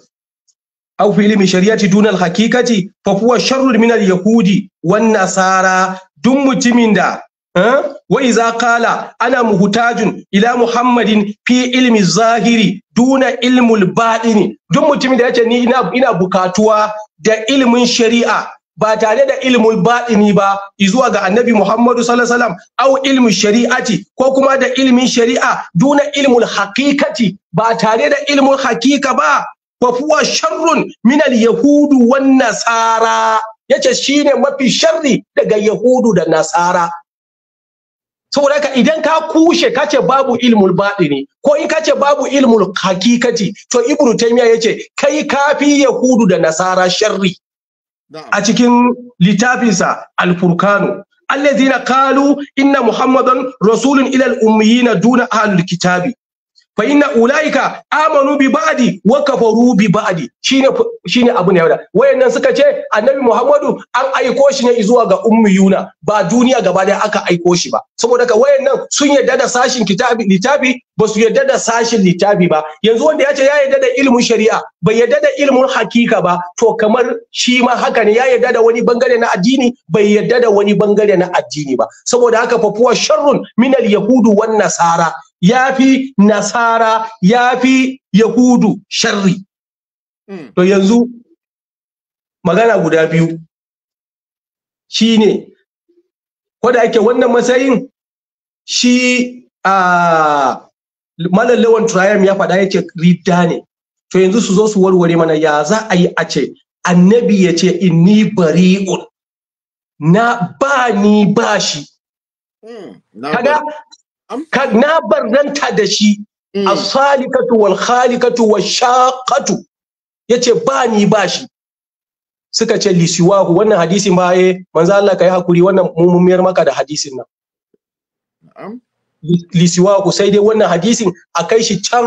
au fi ilmi shari'ati duna al-haqiqati fa huwa sharrun min al-yahudi wan nasara duk mutumin da eh, wa iza kala ana muhtajun ila muhammadin fi ilmi zahiri duna ilmul ba'ini duk mutumin da yace ni ina ina bukatuwa da ilmin shari'a ba tare da ilmul ba'ini ba zuwa ga annabi muhammadu sallallahu alaihi wasallam au ilmi shari'ati ko kuma da ilmin shari'a duna ilmul haqiqati ba tare da ilmul haqiqa ba fa huwa sharrun min al yahudu wan nasara yace shine mafi sharri daga yahudu da nasara saboda ka idan ka kushe ka ce babu ilmul batini ko in ka ce babu ilmul hakikati to ibnu taymiya yace kai kafi yahudu da nasara sharri a cikin littafinsa alfurkanu furqanu allazina kalu inna muhammadan rasulun ilal ummiyina duna ahlul kitabi fa inna ulaika amanu bi ba'di wa kafaru bi ba'di shine shine abu ne wayannan suka ce annabi Muhammadu an aiko shi ne zuwa ga Yuna ba duniya gaba daya aka aiko shi ba saboda ka wayannan sun yarda da sashin kitabi ba su yarda da sashin littafi ba yanzu wanda ya ce ya yarda da ilimin shari'a bai yarda da ilimin hakika ba to kamar shi ma haka ne ya yarda da wani bangare na addini bai yarda da wani bangare na addini ba saboda haka fa sharrun min yahudu wan nasara ya fi nasara ya fi yahudu sharri hmm. to yanzu magana guda biyu shine ko da ake wannan matsayin shi a malallawan turayam ya faɗa ya ce ridda ne to yanzu su zo su warware mana ya za a yi a ce annabi ya ce inni bari'un na ba ni ba shi hmm. kaga ka na barnanta da shi mm. a salikatu wal khalikatu wash-shaqatu yace ba ni ba shi suka ce lisiwahu wannan hadisin ba eh manzo Allah kai hakuri wannan mummiyar maka da hadisin nan lisiwahu sai dai wannan hadisin a kai shi can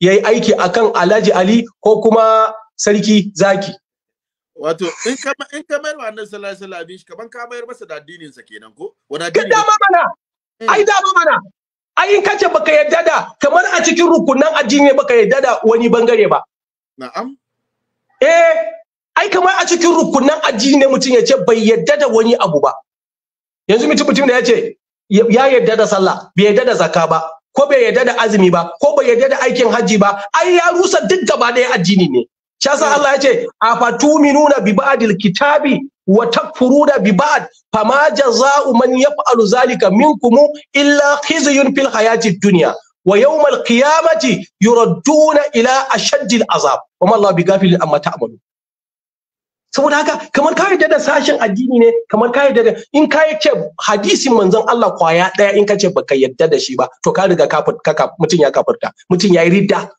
yayi aiki akan Alhaji Ali ko kuma sarki zaki wato in ka in ka mayar wa annabi sallallahu alaihi wasallam kaman ka mayar masa da addinin sa kenan ko wani addini dama mana Mm. ai ba mana ai in kace baka yadda da kamar a cikin rukunan addini baka yadda da wani bangare ba na'am eh ai kamar a cikin rukunan addini mutum ya ce bai yadda da wani abu ba yanzu mutum mutum da ya ce ya yadda da sallah bai yadda da Zaka ba ko bai yadda da azumi ba ko bai yadda da aikin hajji ba ai ya rusa duk gaba ɗaya addini ne Shasa mm. Allah ya ce a minuna bi ba'dil kitabi wa takfuruna bi ba'd fama jazaa'u man yaf'alu zalika minkum illa khizyun fil hayati dunya wa yawmal qiyamati yuradduna ila ashaddil azab wa Allah bi amma ta'malun saboda haka kamar ka yarda da sashen addini ne kamar ka yarda in ka yace hadisin manzon Allah kwaya daya in ka ce baka yarda da shi ba to ka riga ka mutum ya kafirta mutum ya yi ridda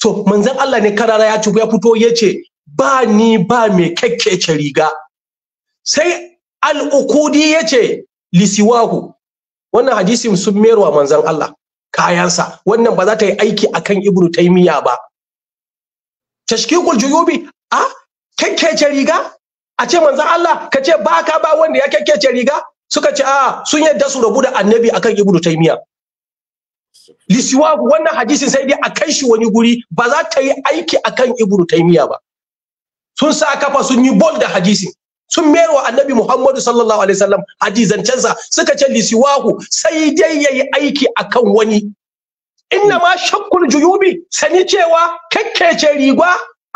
to manzon Allah ne karara ya ci ya fito ya ce ba ni ba mai kekkece riga sai al'ukudi ya ce lisiwahu wannan hadisin sun merwa manzan Allah kayansa wannan ba za ta yi aiki akan ibnu taimiya ba tashkikul juyubi a kyakkece riga a ce manzan Allah ka ce ba ka ba wanda ya kekkece riga suka ce a sun yadda su rabu da annabi akan ibnu taimiya lisiwahu wannan hadisin sai dai a kai shi wani guri ba za ta yi aiki akan ibnu taimiya ba sun sa kafa sun yi bol da hadisi sun mayar wa annabi muhammadu sallallahu alaihi wasallam hadizancensa suka ce lisiwahu sai dai yayi aiki akan wani inna ma shakkul juyubi sani cewa kakkece riga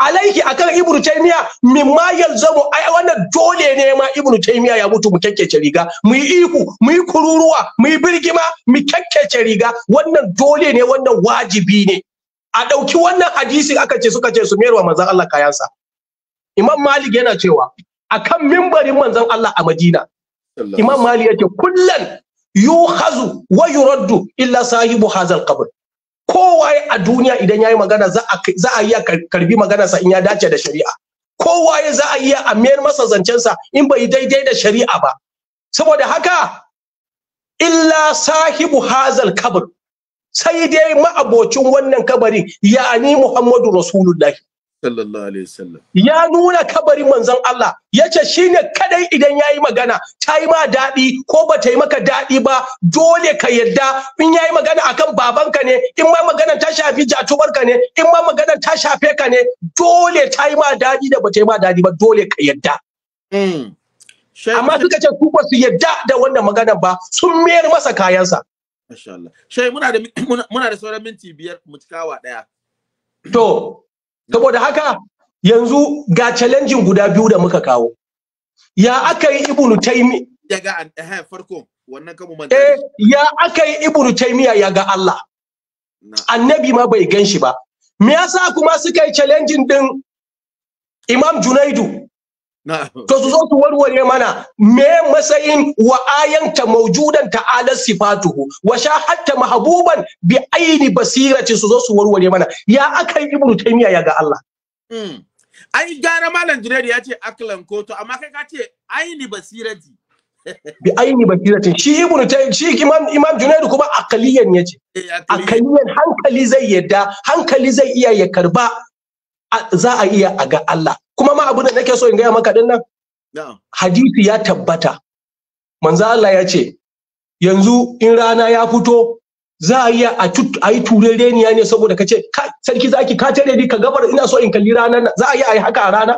alaiki akan ibnu taymiya mimma yalzamu ai wannan dole ne ma ibnu taymiya ya mutu mu kakkece riga mu yi ihu mu yi kururuwa mu yi birgima mu kakkece riga wannan dole ne wannan wajibi ne a ɗauki wannan hadisi aka ce suka ce su wa manzon Allah kayansa Imam Malik yana cewa akan mimbarin manzon Allah a Madina Imam Malik yake kullan yuhazu wa yuraddu illa sahibu hazal qabr kowa a duniya idan yayi magana za a iya karbi maganarsa in ya dace da shari'a kowa ya za a iya a mayar masa zancensa in bai daidai da shari'a ba saboda haka illa sahibu hazal kabr sai dai ma'abocin wannan kabari yani muhammadu rasulullahi sallallahu alaihi wasallam ya nuna kabarin manzon Allah yace shine kadai idan yayi magana ta yi ma daɗi ko ba ta yi maka daɗi ba dole ka yadda in yayi magana akan babanka ne in ma magana ta shafi ka ne in ma magana ta shafe ka ne dole ta yi ma daɗi da ba ta yi ma daɗi ba dole ka yadda hmm. amma suka ce ku ba su yadda da wannan magana ba sun mayar masa kayansa Masha Allah. Shai muna da muna da sauran minti biyar mu cikawa daya. To, saboda haka yanzu ga challenging guda biyu da muka kawo ya aka yi ibnu taymi daga eh, farko wannan kamu eh ya aka yi ibnu taymiya ya ga Allah annabi ma bai gan shi ba me yasa kuma suka yi challenging din imam junaidu to su zo su warware mana me matsayin wa ayanta maujudan ta'ala sifatuhu wa sha hatta mahbuban bi aini basirati su zo su warware mana ya aka yi ibnu taymiya ya ga Allah hmm. ai gara malam jinari ya ce aklan ko to amma kai ka ce aini basirati bi aini basirati shi ibnu taymiya shi imam imam junaidu kuma akaliyan yace eh, akaliyan hankali zai yadda hankali zai iya ya karba za a iya a ga Allah kuma ma abu da nake so in gaya maka din nan hadisi ya tabbata manzo Allah ya ce yanzu in rana ya fito za a iya a ayi turereniya ne saboda kace sarki zaki ka tare ni ka gabar ina so in kalli ranar nan za a iya a haka a rana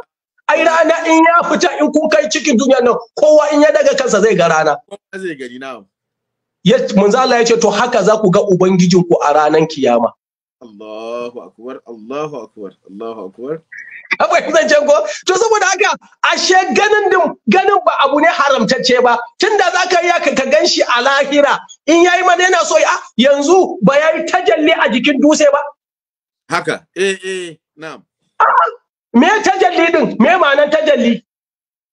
ai rana in ya fita in kun kai cikin duniya nan kowa in ya daga kansa zai ga rana zai gani na manzo Allah ya ce to haka za ku ga ubangijinku a ranar kiyama Allahu akbar Allahu akbar Allahu akbar kawai zancen ko to saboda haka ashe ganin din ganin ba abu ne haramtacce ba tunda zaka iya ka gan shi a lahira in yayi mana yana so ya ah, yanzu ba ya yi tajalli a jikin dutse ba haka eh eh na'am ah, me tajalli din me ma'anar tajalli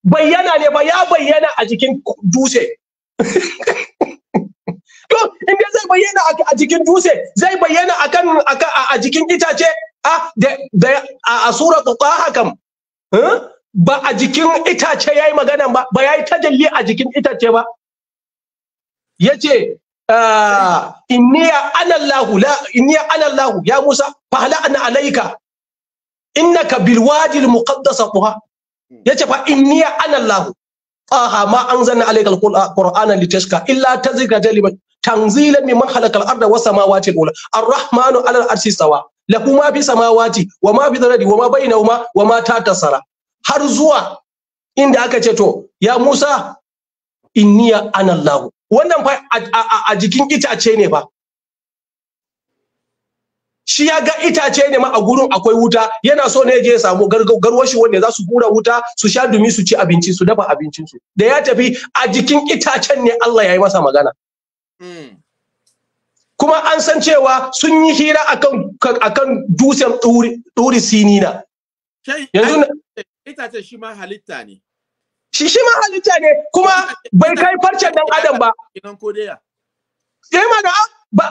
bayyana ne ba ya bayyana a jikin dutse [LAUGHS] to in dai zai bayyana a jikin dutse zai bayyana akan a jikin itace Ah, a a suratu taha kam eh? ba a jikin itace yayi magana ba ba yayi tajalli a jikin itace ba yace ah, inniya anallahu la ya anallahu ya musa fahala ana alaika innaka bilwadi almuqaddas tuha yace fa ya anallahu taha ma anzalna alayka alqur'ana litashka illa tazkira liman tanzilan mimman khalaqa al-ardha was samawati al-ula ar-rahmanu ala al-arshi lahu ma fi samawati wa ma fi zaradi wa ma huma wa ma tatasara har zuwa inda aka ce to ya Musa inni ya anallahu wannan fa a jikin itace ne fa shi ya ga itace ne ma a gurin akwai wuta yana so ne je ya samu garwashi wanda za su hura wuta su sha dumi su ci abinci su dafa abincinsu da ya tafi a jikin itacen ne Allah ya yi masa magana hmm. kuma an san cewa sun yi hira akan akan dusen ɗuri sinina yanzu itace shi ma halitta ne shi shi ma halitta ne kuma bai kai farcen dan adam ba idan ko daya ma da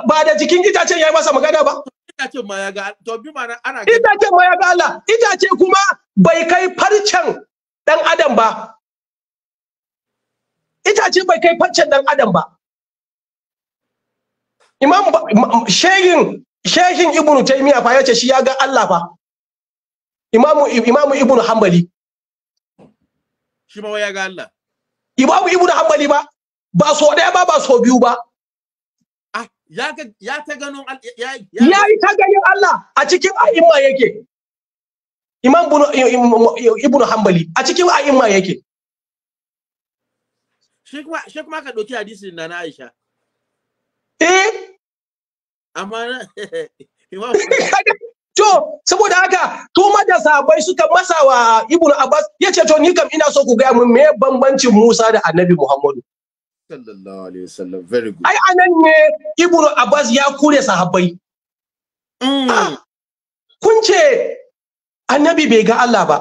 ba da jikin itacen yayi masa magana ba itacen ma ya ga to bi mana ana itacen ma ya ga Allah itace kuma bai kai farcen dan adam ba itace bai kai farcen dan adam ba imam shehin shehin ibnu taymiya fa yace shi ya ga Allah fa imamu imam ibnu hanbali shi ba ya ga Allah imam ibnu hanbali ba ba so ɗaya ba ba so biyu ba ah, ya ta ganin ya ya ta ganin Allah a cikin a'imma yake imam ibnu hanbali a cikin a'imma yake shi kuma ka ɗauki hadisin na Aisha eh amma [LAUGHS] [LAUGHS] To, saboda haka, to da sabai suka masa wa Ibn Abbas ya ce to ni kam ina so ku gaya mun me bambancin Musa da Annabi Muhammadu. Sallallahu alaihi wasallam, very good. Ai anan ne Ibn Abbas ya kure sahabbai. Mm. Ah, kun ce Annabi bai ga Allah ba.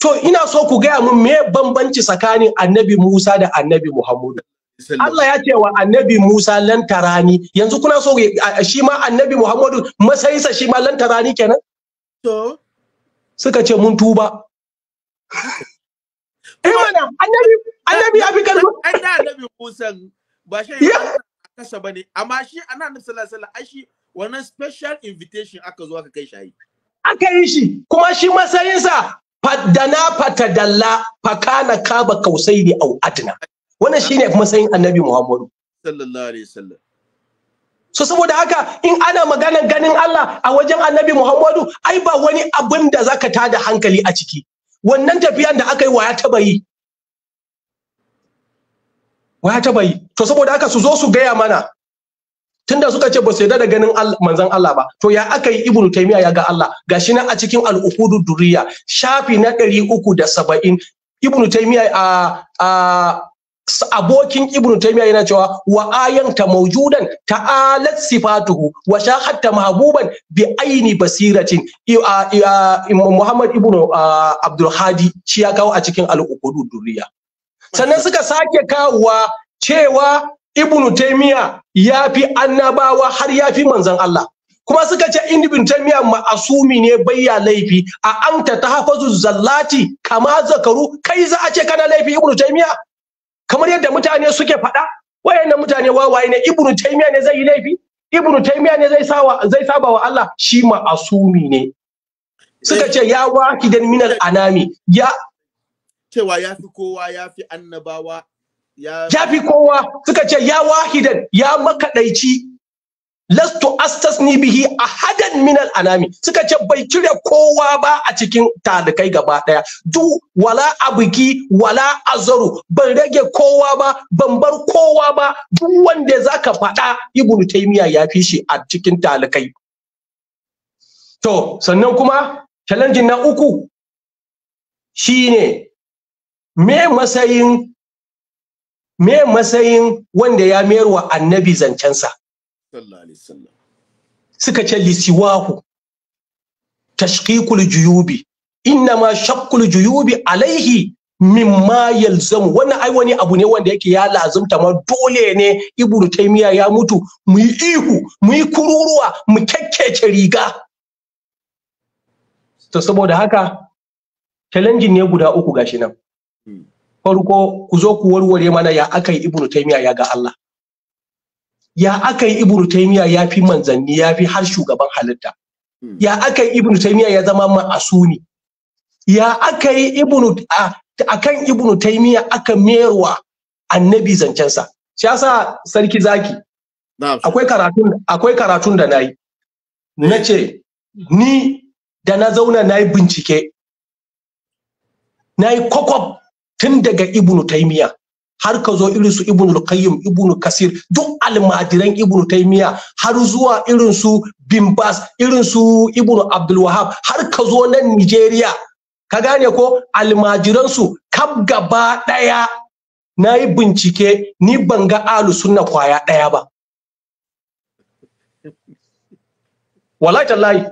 To ina so ku gaya mun me bambanci tsakanin Annabi Musa da Annabi Muhammadu. Allah ya ce wa annabi Musa lantarani yanzu kuna so shi ma annabi Muhammadu masayinsa shi ma lantarani kenan to suka ce mun tuba [LAUGHS] eh mana annabi annabi ya fi karfi [LAUGHS] annabi Musa ba shi [LAUGHS] kasa bane amma shi annabi sallallahu alaihi wasallam ai shi wannan special invitation aka zo aka kai shi aka yi shi kuma shi masayinsa faddana fatadalla fakana kaba kausai au adna wannan shine matsayin annabi muhammadu so saboda haka in ana maganar ganin Allah a wajen annabi muhammadu ai ba wani abin da zaka da hankali a ciki wannan tafiyan da aka yi wa ya taba yi wa ya taba yi to saboda haka su zo su gaya mana tunda suka ce ba su yarda da ganin manzon Allah ba to ya aka yi ibnu taymiya ya ga Allah gashi nan a cikin al uqud duriya shafi na 370 ibnu taymiya a a abokin ibnu taymiya yana cewa wa maujudan ta ta'alat sifatuhu wa shahatta mahbuban bi aini basiratin muhammad ibnu abdul hadi shi ya kawo a cikin al'uqudud duniya. sannan suka sake kawowa cewa ibnu taymiya ya fi annabawa har ya fi manzon Allah kuma suka ce ibn taymiya ma'asumi ne bayya laifi a anta tahfazu zallati kama zakaru kai za a ce kana laifi ibn taymiya kamar yadda mutane suke faɗa wayannan mutane wawaye ne ibnu taymiya ne zai yi laifi ibnu taymiya ne zai sawa zai saba wa Allah shi asumi ne suka ce ya waki dan minal anami ya cewa ya fi kowa ya fi annabawa ya fi kowa suka ce ya wahidan ya makaɗaici lastu astasni bihi ahadan min al-anami suka ce bai cire kowa ba a cikin talikai gaba daya du wala biki wala azaru ban rage kowa ba ban bar kowa ba duk wanda zaka faɗa ibnu taymiya ya fi shi a cikin talikai to sannan kuma challenge na uku shine me masayin me matsayin wanda ya mayar wa annabi zancensa suka ce lisiwahu Tashkikul juyubi inna ma shakkul juyubi alaihi mimma yalzamu wannan ai wani abu ne wanda yake ya lazumta ma dole ne ibnu taymiya ya mutu mu yi ihu mu yi kururuwa mu kekkece riga to saboda haka challenging ne guda uku gashi nan hmm. farko ku zo ku warware mana ya aka yi ibnu taymiya ya ga Allah ya aka yi ibnu taymiya ya fi manzanni ya fi har shugaban halitta hmm. ya aka yi ibnu taymiya ya zama ma'asuni ya aka yi ibnu akan ibnu taymiya aka merwa annabi zancensa shi yasa sarki zaki akwai karatun akwai karatun da nayi nace ni da na zauna nayi bincike nayi kokop tun daga ibnu taymiya har ka zo irin su ibnu qayyim ibnu kasir duk almajiran ibnu taymiya har zuwa irin su bin bas irin su ibnu abdul wahab har ka zo nan nigeria ka gane ko almajiran su kab gaba daya na yi bincike ni ban ga alu sunna kwaya daya ba wallahi tallahi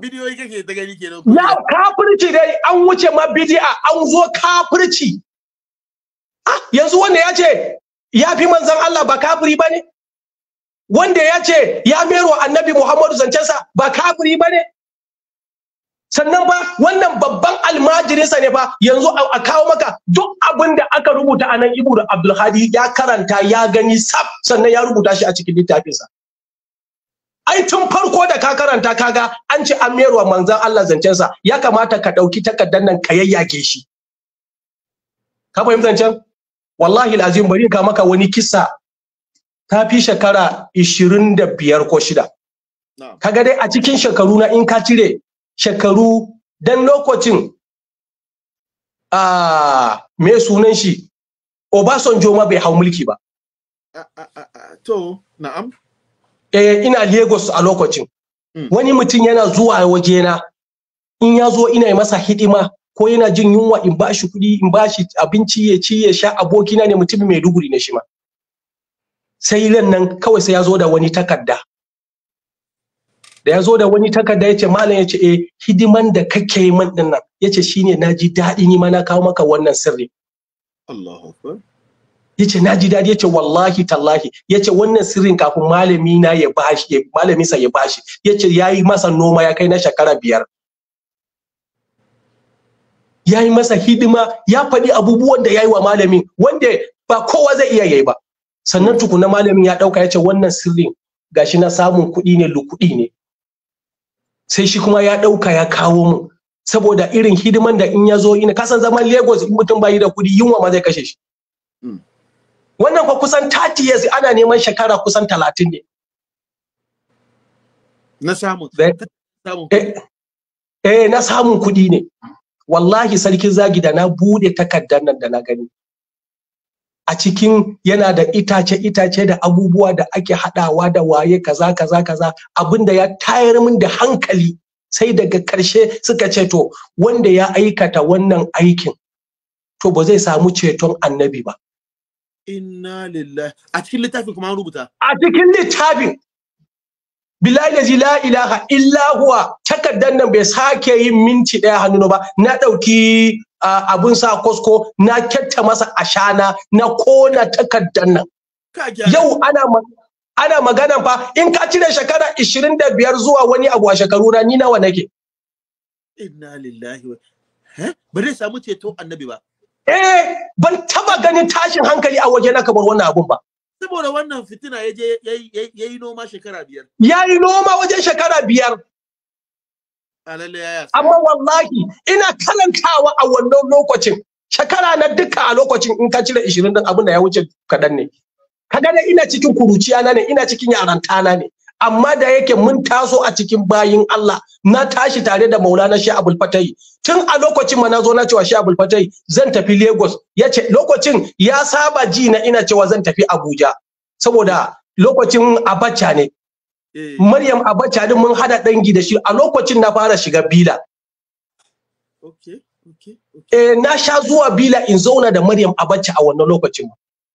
bidiyoyi kake ta gani kenan Ya kafirci dai an wuce ma bidi'a an zo kafirci ah yanzu wanda ya ce ya fi manzan Allah ba kafiri ba ne wanda ya ce ya mero annabi Muhammadu zancensa ba kafiri ba ne sannan ba wannan babban almajirinsa ne ba yanzu a kawo maka duk abin da aka rubuta a nan ibu da abdulhadi ya karanta ya gani sab sannan ya rubuta shi a cikin littafinsa ai tun farko da ka karanta kaga an ce an merwa manzan Allah zancensa ya kamata ka ɗauki takardar nan ka yayyage shi ka fahimci zancen wallahi lazim bari ka maka wani kisa ta fi shekara 25 ko shida kaga dai a cikin shekaru na in ka cire shekaru dan lokacin a me sunan shi Obasanjo ma bai hau mulki ba to na'am eh ina Lagos a lokacin hmm. wani mutum yana zuwa wajena in ya zo ina yi masa hidima ko yana jin yunwa in ba shi kuɗi in ba shi abinci ya ci ya sha abokina ne mutum mai duguri na shi ma sai ran nan kawai sai ya zo da wani takarda da ya zo da wani takarda ya ce malam ya ce eh hidiman da kake yi man din nan ya ce shine na ji daɗi ni ma na kawo maka wannan sirri Allahu ya ce na ji daɗi ya ce wallahi tallahi ya ce wannan sirrin kafin malami na ya bashi malaminsa ya bashi ya ce ya yi masa noma ya kai na shekara biyar ya yi masa hidima ya faɗi abubuwan da ya yi wa malamin wanda ba kowa zai iya yayi ba sannan tukuna malamin ya ɗauka ya ce wannan sirrin gashi na samun kuɗi ne lukuɗi ne sai shi kuma ya ɗauka ya kawo mu saboda irin hidiman da in ya zo ina kasan zaman lagos in mutum bai da kuɗi yunwa ma zai kashe shi hmm. wannan kwa kusan 30 years ana neman shekara kusan 30 ne na samun eh, eh na samun kuɗi ne wallahi sarkin zagi da na bude takardar nan da na gani a cikin yana da itace itace da abubuwa da ake hadawa da waye kaza kaza kaza abinda ya tayar min da hankali sai daga karshe suka ce to wanda ya aikata wannan aikin to ba zai samu ceton annabi ba inna lillahi a cikin littafin kuma rubuta a cikin littafin billahi la ilaha illa huwa takaddan nan bai sake yin minti daya hannu ba na dauki abun sa kosko na kyatta masa ashana na kona takaddan nan yau ana ana magana fa in ka cire shekara 25 zuwa wani abu a shekaru na ni nawa nake inna lillahi wa ba zai samu ceto annabi ba eh ban taba ganin tashin hankali a waje na kamar wannan abun ba saboda wannan fitina ya je ya yi noma shekara biyar. Ya yi noma wajen shekara biyar. Amma wallahi ina karantawa a wannan lokacin. Shekara na duka a lokacin in ka cire ishirin din abin da ya wuce kaɗan ne. Ka gane ina cikin kuruciya na ne ina cikin yaranta na ne. amma da yake mun taso a cikin bayin Allah na tashi tare da Maulana shi abul Fatai tun a lokacin ma na zo na cewa shi abul Fatai zan tafi Lagos yace lokacin ya saba ji na ina cewa zan tafi Abuja saboda lokacin Abacha ne eh. Maryam Abacha din mun hada dangi da shi a lokacin na fara shiga bila okay okay, eh na sha zuwa bila in zauna da Maryam Abacha a wannan lokacin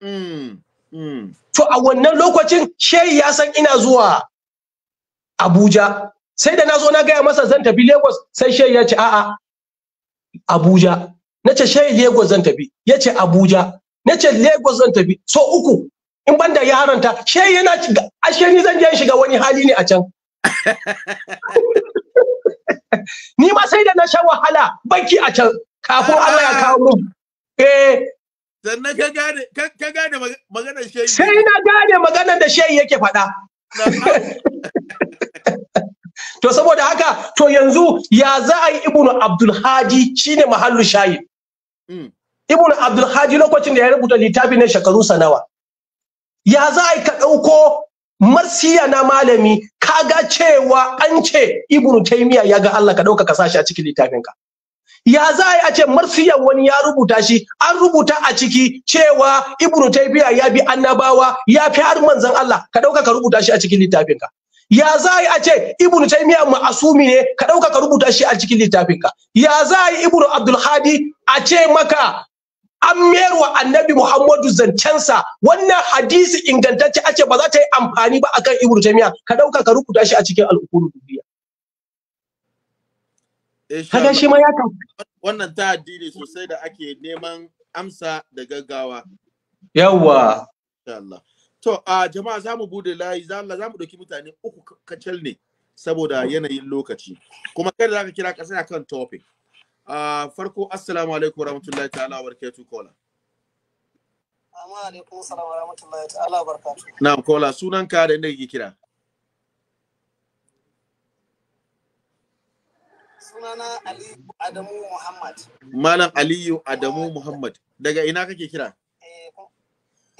mm. To a wannan lokacin shehi ya san ina zuwa Abuja sai da na zo na gaya masa zan tafi Lagos sai Shey ya ce a'a Abuja na ce shehi Lagos zan tafi ya ce Abuja na ce Lagos zan tafi so uku in banda ya haranta Shey yana ashe ni zan je shiga wani hali ne a can [LAUGHS] ni ma sai da na sha wahala baki a can kafin Allah ya kawo mu eh sannan ka gane maganar shehi sai na gane maganar da shehi yake faɗa [LAUGHS] [LAUGHS] to saboda haka to yanzu ya za a yi ibnu abdul hadi shine mahallu shayi hmm. ibnu abdul lokacin da ya rubuta littafi na shekaru sanawa ya za a yi ka ɗauko marsiya na malami kaga cewa an ce ibnu taymiya ya ga Allah ka ɗauka ka sashi a cikin littafinka ya za a ce marsiyan wani ya rubuta shi an rubuta a ciki cewa ibnu taymiya ya bi annabawa ya fi har manzon Allah ka ɗauka ka rubuta shi a cikin littafinka ya za a ce ibnu taymiya ma'asumi ne ka dauka ka rubuta shi a cikin littafin ka ya za a yi ibnu abdul a ce maka an merwa annabi muhammadu zancensa wannan hadisi ingantacce a ce ba za ta yi amfani ba akan ibnu taymiya ka dauka ka rubuta shi a cikin al'ukuru dubiya eh, kaga shi ma ya wannan ta addini sosai da ake neman amsa da gaggawa yawwa insha Allah To, a jama'a za mu bude layi, za Allah za mu ɗauki mutane uku kacal ne saboda yanayin lokaci. Kuma kada za ka kira ka a kan topic. Uh, farko, assalamu alaikum wa rahmatullahi ta'ala wa barakatu kola. Amma alaikum salam wa rahmatullahi ta'ala wa barakatu. Na'am kola, sunan ka da inda kike kira. Sunana Aliyu Adamu Muhammad. Malam Aliyu Adamu Muhammad. Daga ina kake kira?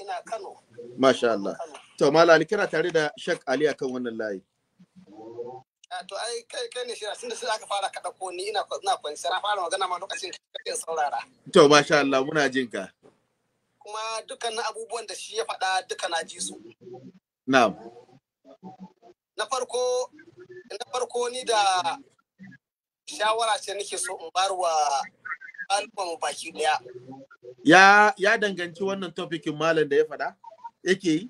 ina Kano. Masha Allah. To Malali kana tare da Shek Ali akan wannan layi. Ah, to ai kai ne shi tun da sai aka fara kada ko ni ina ina kwanciya na fara magana ma lokacin kake saurara. To masha Allah muna jin ka. Kuma dukkanin abubuwan da shi ya faɗa duka na ji su. Na'am. Na farko na farko ni da shawara ce nake so in bar wa al'umma baki daya ya ya danganci wannan topikin malam da ya faɗa yake yi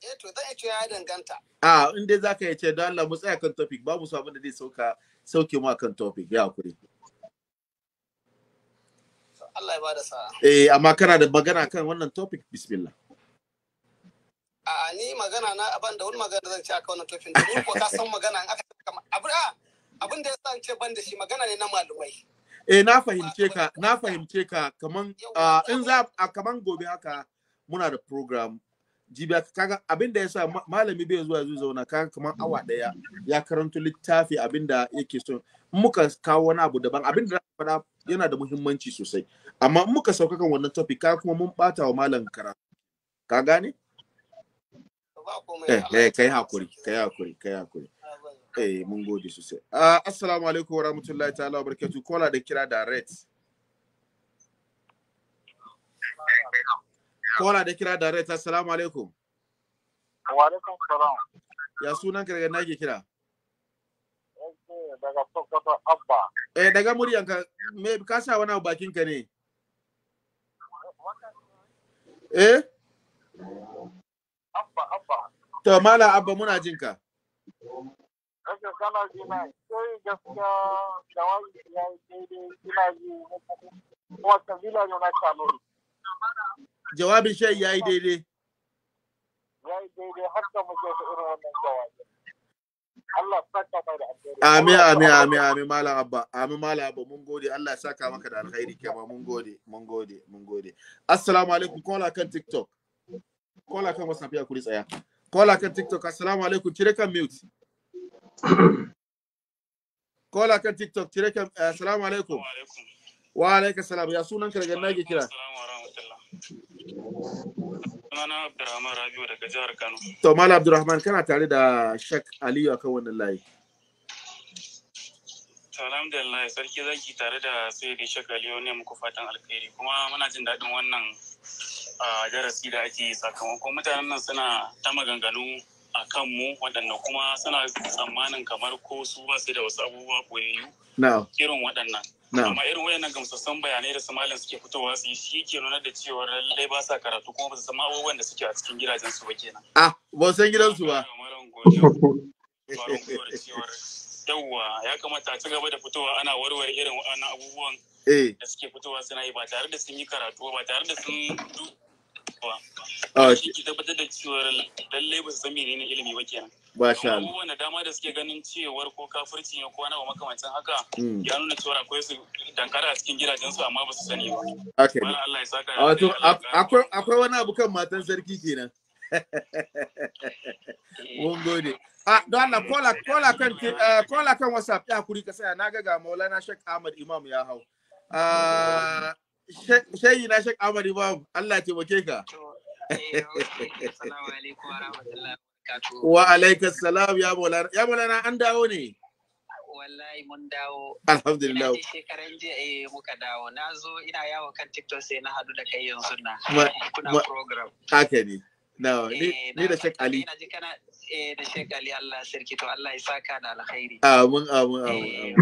eh to zan ce ya danganta Ah, in za zaka yace don Allah mu tsaya kan topic babu mu abin da zai sauka sauke mu kan topic ya hakuri Allah ya bada sa'a eh amma kana da magana kan wannan topic bismillah a ni magana na abin da wani magana zan ci akan wannan topic ko ka san magana in aka abu a ah! abin da yasa ce ban da shi magana ne na malumai eh na fahimce ka na fahimce ka kaman ah, in za a kaman gobe haka muna da program jibiya kaga abin da yasa malami bai zuwa zuwa zauna kaga kaman awa daya ya karanto littafi abin da yake so muka kawo wani abu daban abin da faɗa yana da muhimmanci sosai amma muka sauka kan wannan topic ka kuma mun bata wa malam karatu ka gane eh eh kai hakuri kai hakuri kai hakuri Eh, mun gode sosai. Uh, assalamu alaikum wa rahmatullahi ta'ala wa Barkatu, Kola da kira da Red. Kola da kira da Red. Assalamu alaikum. Wa alaikum salam. Ya sunan kirga na ke kira? Daga Sokoto Abba. Eh, daga ka, me ka sa wani bakin ka ne? Eh? Abba, Abba. To, Mala Abba muna jinka. ka. Rashin kana ji na sai gaskiya jawabi ya yi daidai ina ji kuma kabila ne na kanuri. Jawabin ya yi daidai. Ya yi daidai har da muke da irin wannan jawabi. Allah saka mai da alheri. Amin amin amin amin malam abba amin malam abba mun gode Allah saka maka da alheri kema mun gode mun gode mun gode. Assalamu alaikum kola kan TikTok. Kola kan WhatsApp ya kuri tsaya. Kola kan TikTok assalamu alaikum cire kan mute. [CLEARS THROAT] Kola kan TikTok, kire eh, kan assalamu alaikum. Wa alaikum salam. Ya sunan ka daga nake kira. Sunana Abdurrahman Rabiu daga jihar Kano. To Malam Abdurrahman kana tare da Shak Aliyu akan wannan layi. Allah sarki zaki tare da Sayyidi da Aliyu ne muku fatan alkhairi kuma muna jin daɗin wannan ah, darasi da ake sakamakon mutanen nan suna ta maganganu a kan mu waɗanda kuma suna tsammanin kamar ko su ba su da wasu abubuwa koyayyu irin waɗannan amma irin wayannan gamsassan bayanai da samalin suke fitowa su yi shi ke nuna da cewa lallai ba sa karatu kuma ba su san abubuwan da suke a cikin gidajen su ba kenan ah ba san gidansu ba yawwa ya kamata a ci gaba da fitowa ana warware irin waɗannan abubuwan eh. da suke fitowa suna yi ba tare da sun yi karatu ba tare da sun Ah, ki da lallai ba menene ilimi ba kenan da suke ganin cewar ko kafirci ne ko wani abu makamancin haka hmm. akwai a cikin wani abu kan matan sarki kenan eh. mun gode ah don ga Maulana Sheikh Ahmad Imam ya hau ah, shayi na shek amari ba Allah taimake ka eh, wa alaikas salam ya maulana ya maulana an dawo ne wallahi mun dawo alhamdulillah shi shekaran je eh muka dawo na zo ina yawo kan tiktok sai na hadu da kai yanzu na kuna program haka ne na ni eh, da shek ali ina eh, ji kana eh da shek ali Allah sarki to Allah ya saka da alkhairi amin amin amin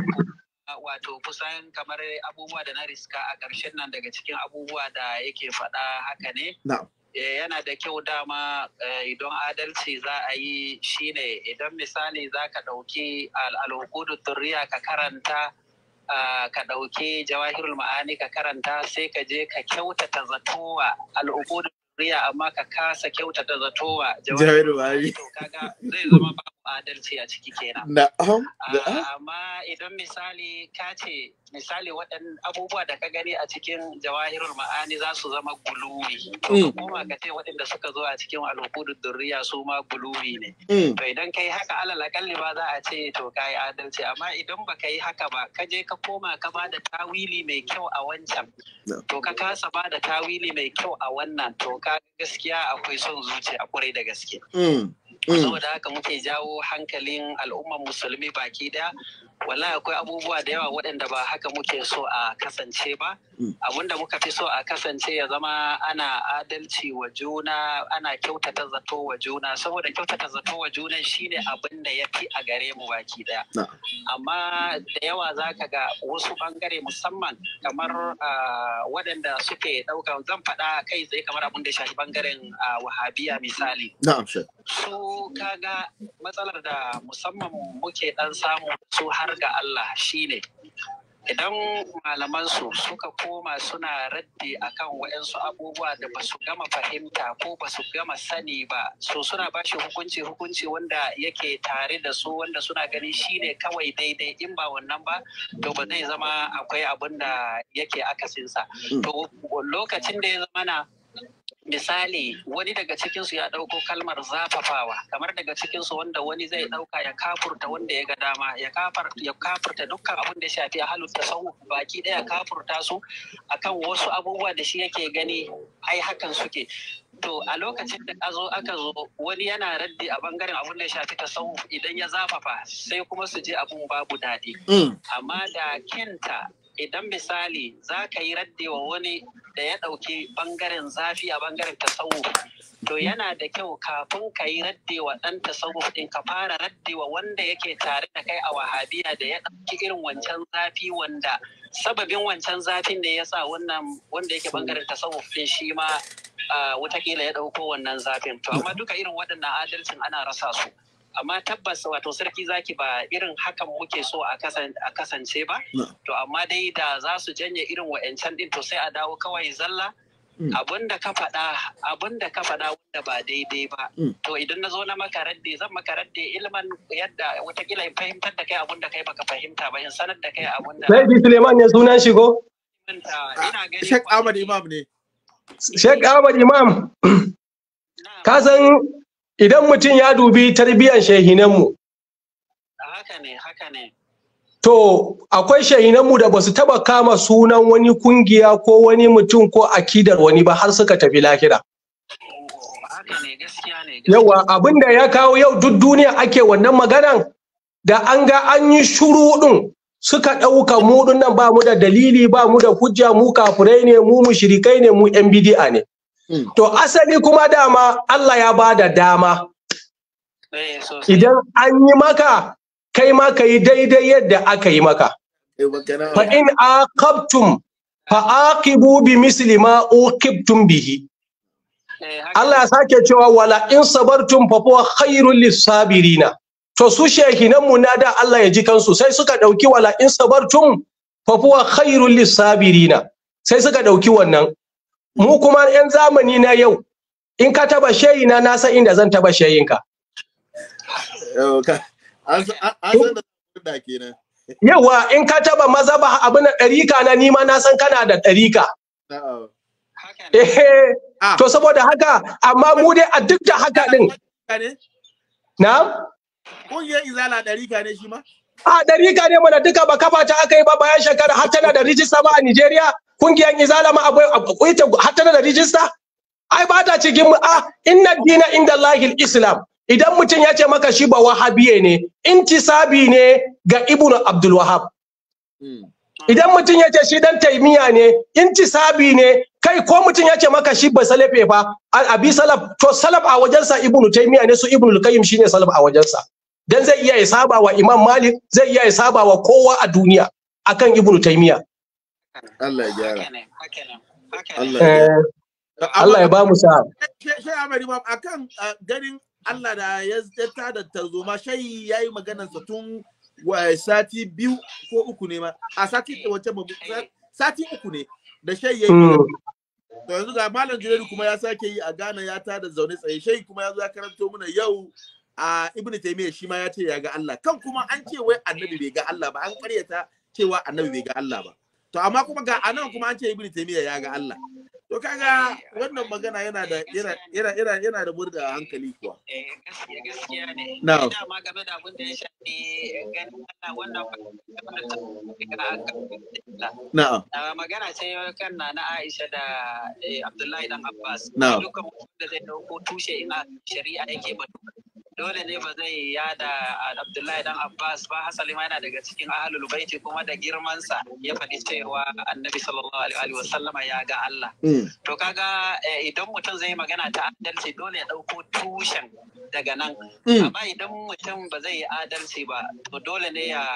wato kusan kamar abubuwa da na riska a ƙarshen nan daga cikin abubuwa da yake faɗa haka ne. Eh, yana da kyau dama eh, idan adalci za a yi shi ne, idan misali za ka ɗauki al'alhukudu turiya ka karanta ka ɗauki jawahirul ma'ani ka karanta sai ka je ka kyautata zatowa al'alhukudu turiya amma ka kasa kyautata zatowa jawahirul ma'ani. Zai zama adalci a ciki kenan. Ah, amma idan misali ka ce misali waɗan abubuwa da ka gani a cikin jawahirul ma'ani za su zama gulubi To mm. kuma ka ce waɗanda suka zo a cikin alhukudu durriya su ma gulubi ne. Mm. To idan ka yi haka alal akalli ba za a ce to ka yi adalci amma idan ba ka yi haka ba ka je ka koma ka ba da tawili mai kyau a wancan. To ka kasa ba da tawili mai kyau a wannan to ka gaskiya akwai son zuciya kwarai da gaske. Mm, Saboda haka muke jawo hankalin al'ummar musulmi baki daya wallahi akwai abubuwa da yawa waɗanda ba haka muke so a kasance ba mm. da muka fi so a kasance ya zama ana adalci wa juna ana kyautata zato wa juna saboda kyautata zato wa juna shine abin da ya fi a gare mu baki daya amma da yawa za ka ga wasu bangare musamman kamar waɗanda suke ɗauka zan faɗa kai tsaye kamar abin da ya shafi bangaren wahabiya misali su kaga matsalar da musamman muke ɗan samu su har ga Allah shine idan malamansu suka koma suna raddi akan waɗansu abubuwa da ba su gama fahimta ko ba su gama sani ba so suna ba shi hukunci hukunci wanda yake tare da su wanda suna gani shine kawai daidai in ba wannan ba to ba zai zama akwai abin da yake akasinsa mm. to lokacin da ya zama na misali wani daga cikinsu ya ɗauko kalmar zafafawa kamar daga cikinsu wanda wani zai ɗauka ya kafurta wanda ya ga dama ya kafurta dukkan abin da shafi a halin sau baki ɗaya kafurta su akan wasu abubuwa da shi yake gani ai hakan suke to a lokacin da azo aka zo wani yana raddi a bangaren abin da shafi shafi tasawu idan ya zafafa sai kuma su je abun babu daɗi mm. amma da kinta idan misali za ka yi radde wa wani da ya ɗauki ɓangaren zafi a ɓangaren tasawuf to yana da kyau kafin ka yi radde wa ɗan tasawuf ɗin ka fara radde wa wanda yake tare da kai a wahabiya da ya ɗauki irin wancan zafi wanda sababin wancan zafin ne ya sa wannan wanda yake ɓangaren tasawuf ɗin shi ma ah, watakila ya ɗauko wannan zafin to amma duka irin waɗannan adalcin ana rasa su amma tabbas wato sarki zaki ba irin hakan muke so a kasance ba to amma dai da za su janye irin wa'ancan din to sai a dawo kawai zalla mm. abun da ka faɗa abun da ka faɗa wanda ba daidai ba mm. to idan na zo na makarande zan makarande ilman yadda watakila in fahimtar da kai abun da kai baka fahimta ba in sanar da kai abun da bi Suleiman ne sunan shi ko ah, Sheikh Ahmad Imam ne Sheikh Ahmad Imam ka san idan mutum ya dubi tarbiyyar shahinan haka ne haka ne to akwai shahinan mu da basu taba kama sunan wani kungiya ko wani mutum ko akidar wani ba har suka tafi lahira yawa abinda ya kawo yau duk duniya ake wannan maganan da an ga an yi shuru din suka ɗauka mu nan ba mu da dalili ba mu da hujja mu kafurai ne mu mushrikai ne mu yan bidi'a ne Mm. To asali kuma dama Allah ya ba da dama. Eh, Idan an yi maka, kai ma ka yi daidai yadda aka yi maka. Eh, fa in aqabtum fa aqibu bi misli ma uqibtum bihi. Eh, Allah ya sake cewa wala in sabartum fa huwa khairul lisabirina. To su shehinan mu na da Allah ya ji kansu sai suka dauki wala in sabartum fa huwa khairul lisabirina. Sai suka dauki wannan mu kuma yan zamani na yau in ka taba shayi na na san inda zan taba shayin ka yauwa in ka taba mazaba abin ɗarika na nima na san kana da ɗarika eh, eh, ah. to saboda haka amma mu dai a duk da haka din na kungiyar izala ɗarika ne shi ma a ɗarika ne mana duka ba kafa ta aka yi ba bayan shekara har tana da rijista ba a Nijeriya kungiyan izala ma akwai akwai hatta da rijista ai ba ta cikin a ah, inna dina inda lahil islam idan mutum ya ce maka shi ba wahabiye ne intisabi ne ga ibnu abdul wahab idan mutum ya ce shi dan taimiya ne intisabi ne kai ko mutum ya ce maka shi ba salafe ba abi salaf to salaf a wajensa ibnu taimiya ne su ibnu qayyim shine salaf a wajensa dan zai iya ya saba wa imam malik zai iya ya saba kowa a duniya akan ibnu taimiya Allah ya gyara Allah ya ba mu sa shi amari ba akan ganin Allah da ya ta da tarzoma shayi yayi maganar sa tun sati biyu ko uku ne ma a sati da eh, wancan eh. sati uku ne da shayi yayi hmm. to yanzu ga malam jirani kuma ya sake yi a Ghana ya tada zaune tsaye shayi kuma ya zo ya karanto mana yau a Ibn Taymiya shi ma ya ce ya ga Allah kan kuma an ce wai annabi bai ga Allah ba an karyata cewa annabi bai ga Allah ba to amma kuma ga anan kuma an ce ibnu taymiya ya ga Allah to kaga wannan magana yana da yana yana yana da burda hankali kuwa eh gaskiya gaskiya ne na ma game da abin da ya shafi ganin wannan wannan na'am ah, magana ce kan na na Aisha da eh, Abdullahi dan Abbas dukkan wanda zai dauko tushe ina shari'a yake ba dole ne ba zai yada Abdullahi dan Abbas ba hasali ma yana daga cikin ahlul baiti kuma da girmansa ya faɗi cewa Annabi sallallahu alaihi wa ya ga Allah hmm. to kaga eh, idan mutum zai magana ta adalci dole ya ɗauko tushen daga nan hmm. amma idan mutum ba zai yi adalci ba to dole ne ya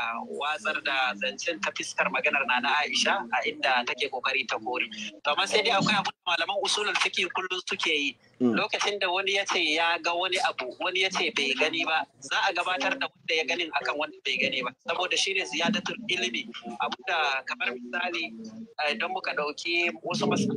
watsar da zancen ta fiskar maganar nana Aisha a inda take kokari ta kori to amma sai dai akwai abin malaman usulul fiqh kullum suke yi Mm. lokacin da wani ya ce ya ga wani abu wani ya ce bai gani ba za a gabatar da wanda ya ganin akan wani bai gani ba saboda shine ziyadatul ilimi da kamar misali eh, don muka dauki wasu masu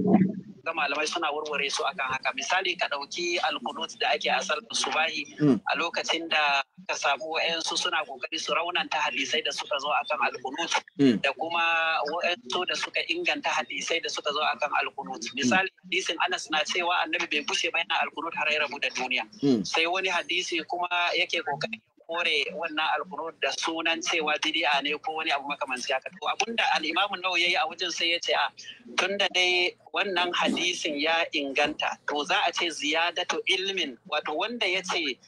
ga malamai suna warware su akan haka misali ka ɗauki alkunut da ake a sallar subahi hmm. a lokacin da ka samu wa'yansu suna kokari su raunanta hadisai da suka zo akan alkunut hmm. da kuma wa'yansu da suka inganta hadisai da suka zo akan alkunut hmm. misali hadisin anas na cewa annabi bai bushe ba yana alkunut har ya rabu da duniya sai wani hadisi kuma yake kokari kore wannan alkunut da sunan cewa bid'a ne ko wani abu makamanci haka to abinda al-Imam Nawawi yayi a wajen sai ya ce a ah, tunda dai wannan hadisin ya inganta to za a ce ziyadatu ilmin wato wanda ya ce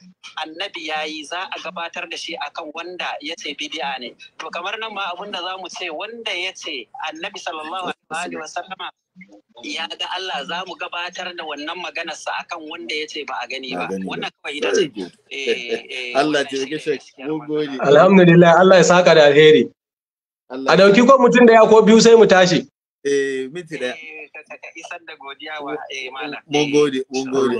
annabi yayi za a gabatar da shi akan wanda ya ce bid'a ne to kamar nan ma abinda za mu ce wanda ya ce annabi sallallahu alaihi wa sallama ya ga Allah za mu gabatar da wannan maganar sa akan wanda ya ce ba a gani ba wannan kawai ita ce eh, eh, [LAUGHS] Allah ta yake shi alhamdulillah Allah ya saka da alheri a dauki ko mutum da ya ko biyu sai mu tashi eh minti da eh, ka isar da godiya wa malam mun gode mun gode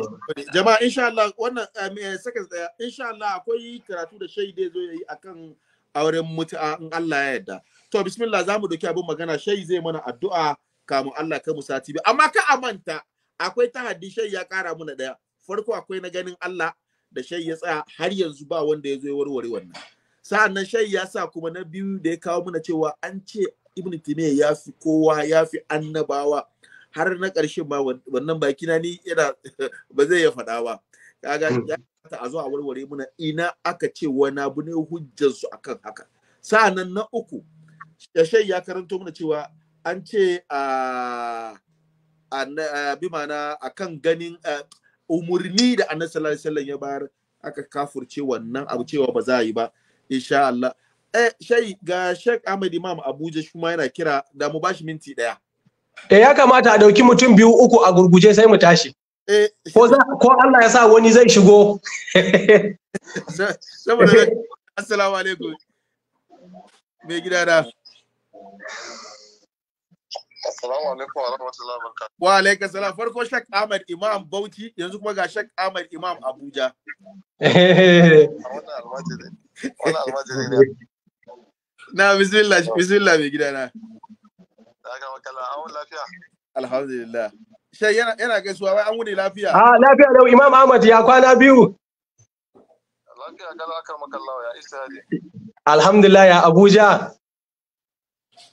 jama'a insha Allah wannan um, saka insha Allah akwai karatu da shaide zo yayi akan auren mutu'a in Allah ya yarda to bismillah zamu doki abin magana shai zai mana addu'a Kamu Allah ka mu sati amma ka amanta akwai tahadin shai ya kara muna daya farko akwai na ganin Allah da shai ya tsaya har yanzu ba wanda ya zo ya warware wannan sa'annan shai ya sa kuma na biyu da ya kawo mana cewa an ce ibn timay ya fi kowa ya fi annabawa har na ƙarshen ma wannan baki ni yana [LAUGHS] ba zai ya faɗa ba kaga hmm. ya ta a zo a warware muna ina aka ce wani abu ne hujjar su akan haka sa'annan na uku shay ya karanto mana cewa an ce a bi mana a kan ganin umurni da annabi sallallahu alaihi wasallam ya bayar aka kafurce wannan abu cewa ba za a yi ba insha Allah eh shai ga Sheikh Ahmed Imam Abuja shi yana kira da mu bashi minti daya eh ya kamata a dauki mutum biyu uku a gurguje sai mu tashi eh, ko za ko Allah ya sa wani zai shigo [LAUGHS] saboda [LAUGHS] assalamu alaikum mai gidana Assalamu alaikum wa rahmatullahi wa barakatuh. Wa alaikum salam. Farko Shek Ahmad Imam Bauchi yanzu kuma ga Shek Ahmad Imam Abuja. Eh. Na bismillah bismillah mai gida na. Daga makala an lafiya. Alhamdulillah. yana yana gaisuwa wai an wuni lafiya. Ah lafiya lau Imam Ahmad ya kwana biyu. Lafiya kala akar makallawa ya isa Alhamdulillah ya Abuja.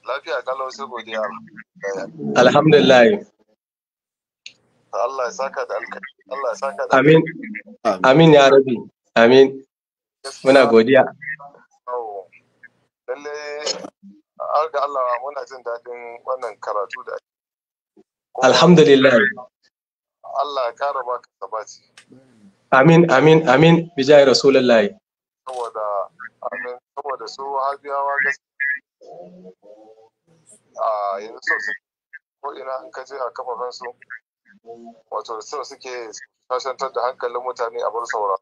Lafiya kalau sai godiya. Alhamdulillah. Allah ya saka da Allah ya saka da Amin. Amin ya rabi. Amin. Muna godiya. Lalle ga Allah muna jin wannan karatu da Alhamdulillah. Allah ya kara baka sabaci. Amin, amin, amin, bijai Rasulullah. Saboda, amin, saboda su hajiyawa gaskiya a yanzu so ko ina in ka je a kafafen su wato so suke tashantar da hankalin mutane a bar saura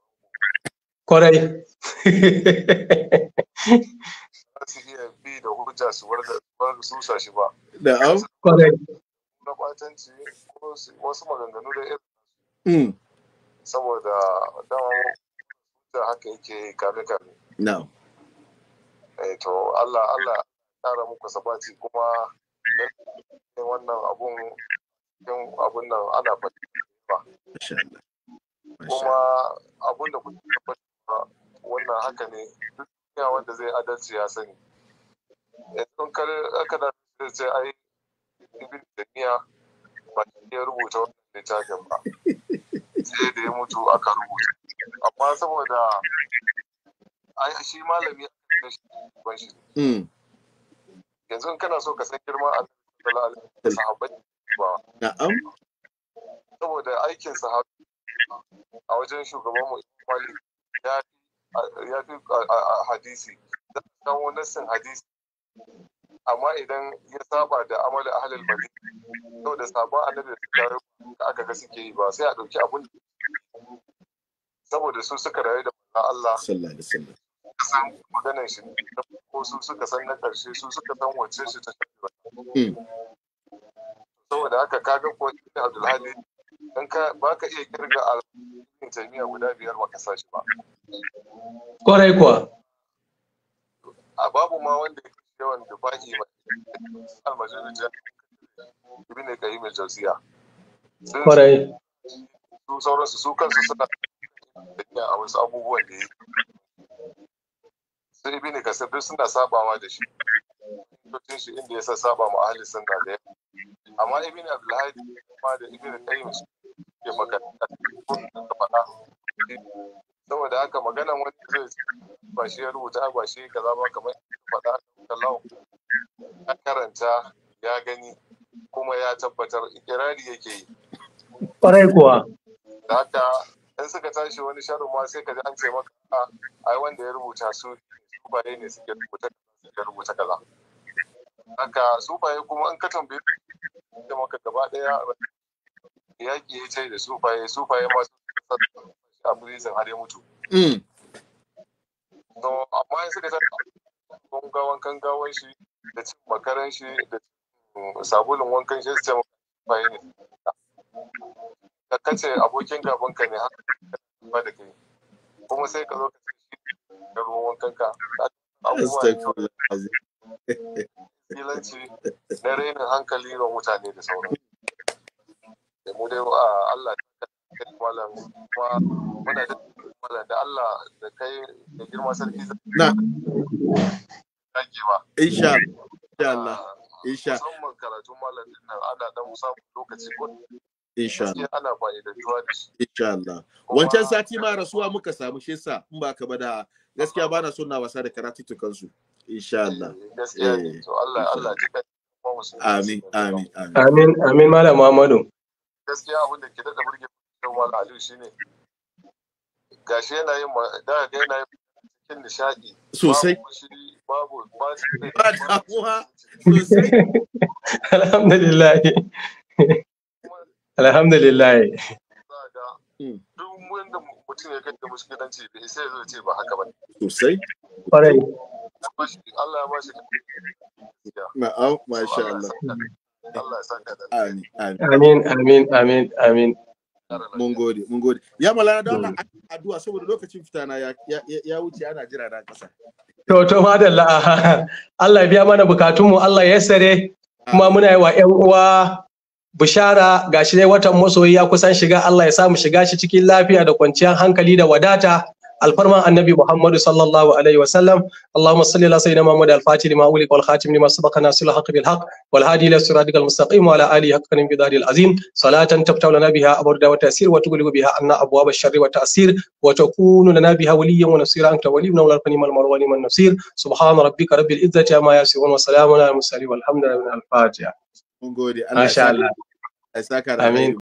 kwarai ba su iya bi da hujja su bar sa shi ba da am kwarai na kwatanci wasu maganganu da irin mm. saboda dama da haka yake kame kame na eh to Allah Allah ƙara muku sabati kuma wannan abun yin abun nan ana ba kuma abun da kuke tabbata wannan haka ne duk wanda zai adalci ya sani yanzu kar aka da zai ce ai da niya ba ya rubuta wannan littafin ba sai da ya mutu aka rubuta amma saboda ai shi malami ya shi ban shi hmm. yanzu kana so ka san girman annabi sallallahu alaihi wasallam sahabbai ba na'am saboda aikin sahabbai a wajen shugaban mu Mali ya ya fi hadisi da kawo nassin hadisi amma idan ya saba da amalin ahlul bani, saboda sabon annabi da suka da aka ga suke yi ba sai a dauki abun saboda su suka rayu da Allah sallallahu alaihi wasallam suka san maganar shi na farko su suka san na ƙarshe su suka san wace shi ta shi shafi hmm. saboda haka kaga ko shi Abdulhadi dan ka baka iya kirga al'adun jami'a guda biyar baka sa shi ba kwarai kuwa a babu ma wanda ya kashe yawan da fa'i ba almajirin jami'a ibn qayyim al-jawziya kwarai su sauransu su kansu suna a wasu abubuwan da ya yi. sai ibn kasir duk suna sabawa da shi lokacin shi inda ya sa saba mu ahli sunna da yawa amma ibn abdulhadi kuma da ibn qayyim su ke makaranta da faɗa saboda haka magana wani zai ba shi ya rubuta ba shi kaza ba kamar faɗa kallahu ya karanta ya gani kuma ya tabbatar ikirari yake yi kwarai kuwa da haka in suka tashi wani sharu ma sai ka ji an ce maka ah, ai wanda ya rubuta su sufaye ne suke rubuta suke rubuta kaza haka sufaye kuma an ka tambaye da maka gaba daya yaki ya ce da sufaye sufaye masu a burizin har ya mutu to mm. amma yanzu da kun gawan wankan gawan shi da cin makaran shi da sabulun wankan shi su ce sufaye ne ka kace abokin gaban ka ne haka ba da kai kuma sai ka zo kanka [LAUGHS] na rainin hankali wa mutane da sauran da mu dai a Allah kai malam kuma muna da malam da Allah da kai da girma sarki na insha Allah insha ah, musamman karatu malam din nan ana dan lokaci ko insha Allah ana ba da insha Allah wancan sati ma rasuwa muka samu shi in ba ka ba da gaskiya bana na na wasa da karatuttukan kansu. insha Allah eh, gaskiya eh, amin amin amin amin burge shine gashi yana yin da ga alhamdulillah alhamdulillah hmm. duk wanda mutum ya kai ga mushkilanci bai sai ya zo ce ba haka ba sosai kwarai Allah ya ba shi na'am masha Allah Allah ya sanka da amin amin amin amin mun gode mun gode ya malana da wannan addu'a saboda lokacin fitana ya ya wuce ana jira na kasa to to madalla [LAUGHS] Allah ya biya mana bukatunmu Allah ya sare kuma muna yi wa ƴan uwa bishara gashi dai watan masoyi ya kusan shiga Allah ya samu shiga shi cikin lafiya da kwanciyar hankali da wadata alfarman annabi Muhammadu sallallahu alaihi wa sallam. Allahumma salli ala sayyidina Muhammad al-Fatih lima ulik wal khatim lima sabaqa nasil haqq bil haqq wal hadi ila siratikal mustaqim wa ala alihi haqq min bidadil azim salatan tabtaw lana biha abarda wa tasir wa tughliqu biha anna abwab ash-sharri wa ta'sir wa takunu lana biha waliyan wa nasira anta waliyuna wa al-qanim al-marwan man nasir subhana rabbika rabbil izzati amma yasifun wa salamun ala al-mursalin walhamdulillahi al-fatiha Mun gode. Allah ya saka Amin.